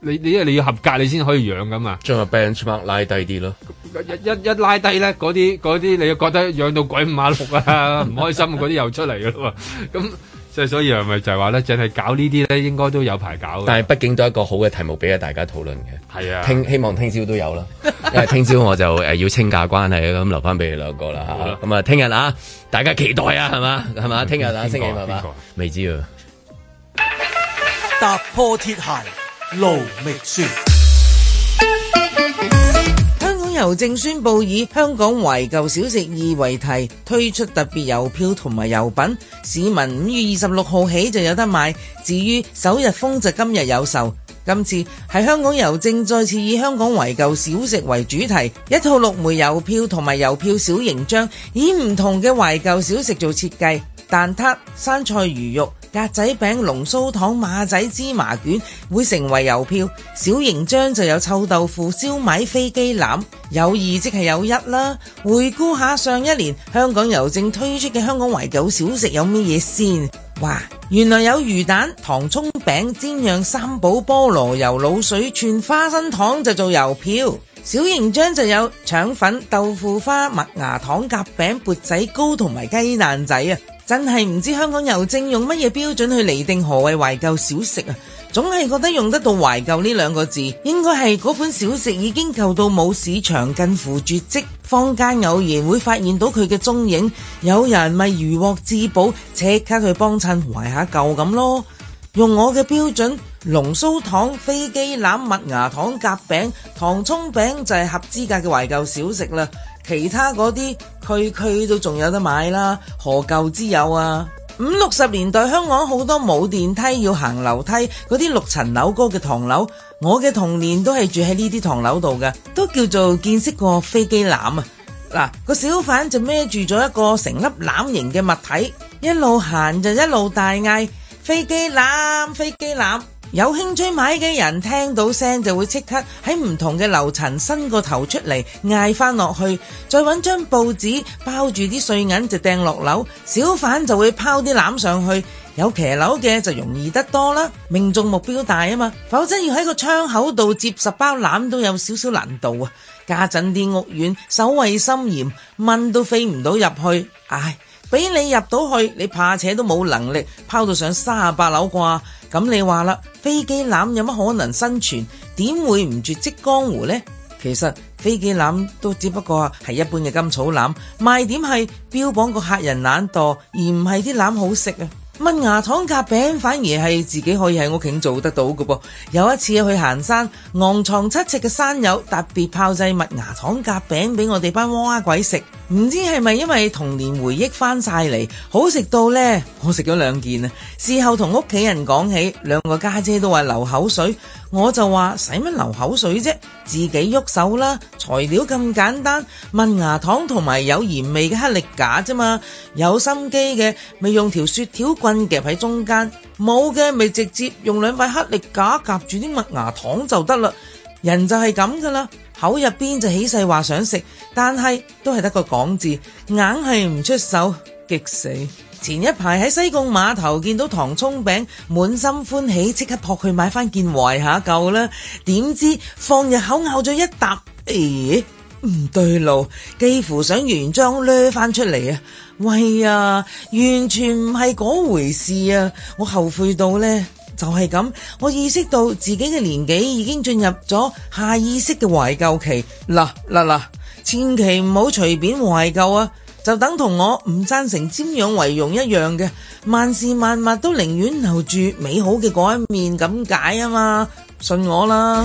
你你因為你要合格，你先可以養噶嘛。將個 bench mark 拉低啲咯，一一拉低咧，嗰啲嗰啲你覺得養到鬼五馬六啊，唔開心嗰啲又出嚟噶啦嘛。咁即係所以係咪就係話咧，淨係搞呢啲咧，應該都有排搞。但係畢竟都係一個好嘅題目俾啊大家討論嘅。係啊，聽希望聽朝都有啦，因為聽朝我就誒要清假關係咁留翻俾你兩個啦咁啊，聽日啊，大家期待啊，係嘛，係嘛，聽日啊，星期五啊，未知啊。踏破鐵鞋無覓處，香港郵政宣布以香港懷舊小食二為題推出特別郵票同埋郵品，市民五月二十六號起就有得買。至於首日封就今日有售。今次係香港郵政再次以香港懷舊小食為主題，一套六枚郵票同埋郵票小型張，以唔同嘅懷舊小食做設計：蛋撻、生菜、魚肉。格仔餅、龍鬚糖、馬仔芝麻卷，會成為郵票，小型張就有臭豆腐、燒賣、飛機欖，有意即係有一啦。回顧下上一年香港郵政推出嘅香港懷舊小食有咩嘢先？哇，原來有魚蛋、糖葱餅、煎釀三寶、菠蘿油、鹵水串、花生糖就做郵票，小型張就有腸粉、豆腐花、麥芽糖夾餅、缽仔糕同埋雞蛋仔啊！真係唔知香港郵政用乜嘢標準去厘定何謂懷舊小食啊！總係覺得用得到懷舊呢兩個字，應該係嗰款小食已經舊到冇市場，近乎絕跡，坊間偶然會發現到佢嘅蹤影，有人咪如獲至寶，即刻去幫襯懷下舊咁咯。用我嘅標準，龍鬚糖、飛機欖、麥芽糖夾餅、糖葱餅就係合資格嘅懷舊小食啦。其他嗰啲區區都仲有得買啦，何舊之有啊？五六十年代香港好多冇電梯要行樓梯嗰啲六層樓高嘅唐樓，我嘅童年都係住喺呢啲唐樓度嘅，都叫做見識過飛機欖啊！嗱，個小販就孭住咗一個成粒欖形嘅物體，一路行就一路大嗌：飛機欖，飛機欖。有興趣買嘅人聽到聲就會即刻喺唔同嘅樓層伸個頭出嚟嗌翻落去，再揾張報紙包住啲碎銀就掟落樓，小販就會拋啲欖上去。有騎樓嘅就容易得多啦，命中目標大啊嘛。否則要喺個窗口度接十包欖都有少少難度啊。家陣啲屋苑守衞森嚴，蚊都飛唔到入去。唉，俾你入到去，你怕且都冇能力拋到上三十八樓啩。咁你話啦，飛機欖有乜可能生存？點會唔絕跡江湖呢？其實飛機欖都只不過係一般嘅甘草欖，賣點係標榜個客人懶惰，而唔係啲欖好食。麥芽糖夾餅反而係自己可以喺屋企做得到嘅噃。有一次去行山，昂藏七尺嘅山友特別炮製麥芽糖夾餅俾我哋班娃娃鬼食，唔知係咪因為童年回憶翻晒嚟，好食到呢？我食咗兩件啊。事後同屋企人講起，兩個家姐都話流口水。我就話使乜流口水啫，自己喐手啦。材料咁簡單，麥芽糖同埋有鹽味嘅克力架啫嘛。有心機嘅咪用條雪條棍夾喺中間，冇嘅咪直接用兩塊克力架夾住啲麥芽糖就得啦。人就係咁噶啦，口入邊就起勢話想食，但係都係得個講字，硬係唔出手。激死！前一排喺西貢碼頭見到糖蔥餅，滿心歡喜，即刻撲去買翻件懷下舊啦。點知放入口咬咗一啖，誒、欸，唔對路，幾乎想原裝掠翻出嚟啊！喂呀、啊，完全唔係嗰回事啊！我後悔到呢，就係、是、咁，我意識到自己嘅年紀已經進入咗下意識嘅懷舊期。嗱嗱嗱，千祈唔好隨便懷舊啊！就等同我唔贊成瞻仰遺容一樣嘅，萬事萬物都寧願留住美好嘅嗰一面咁解啊嘛，信我啦。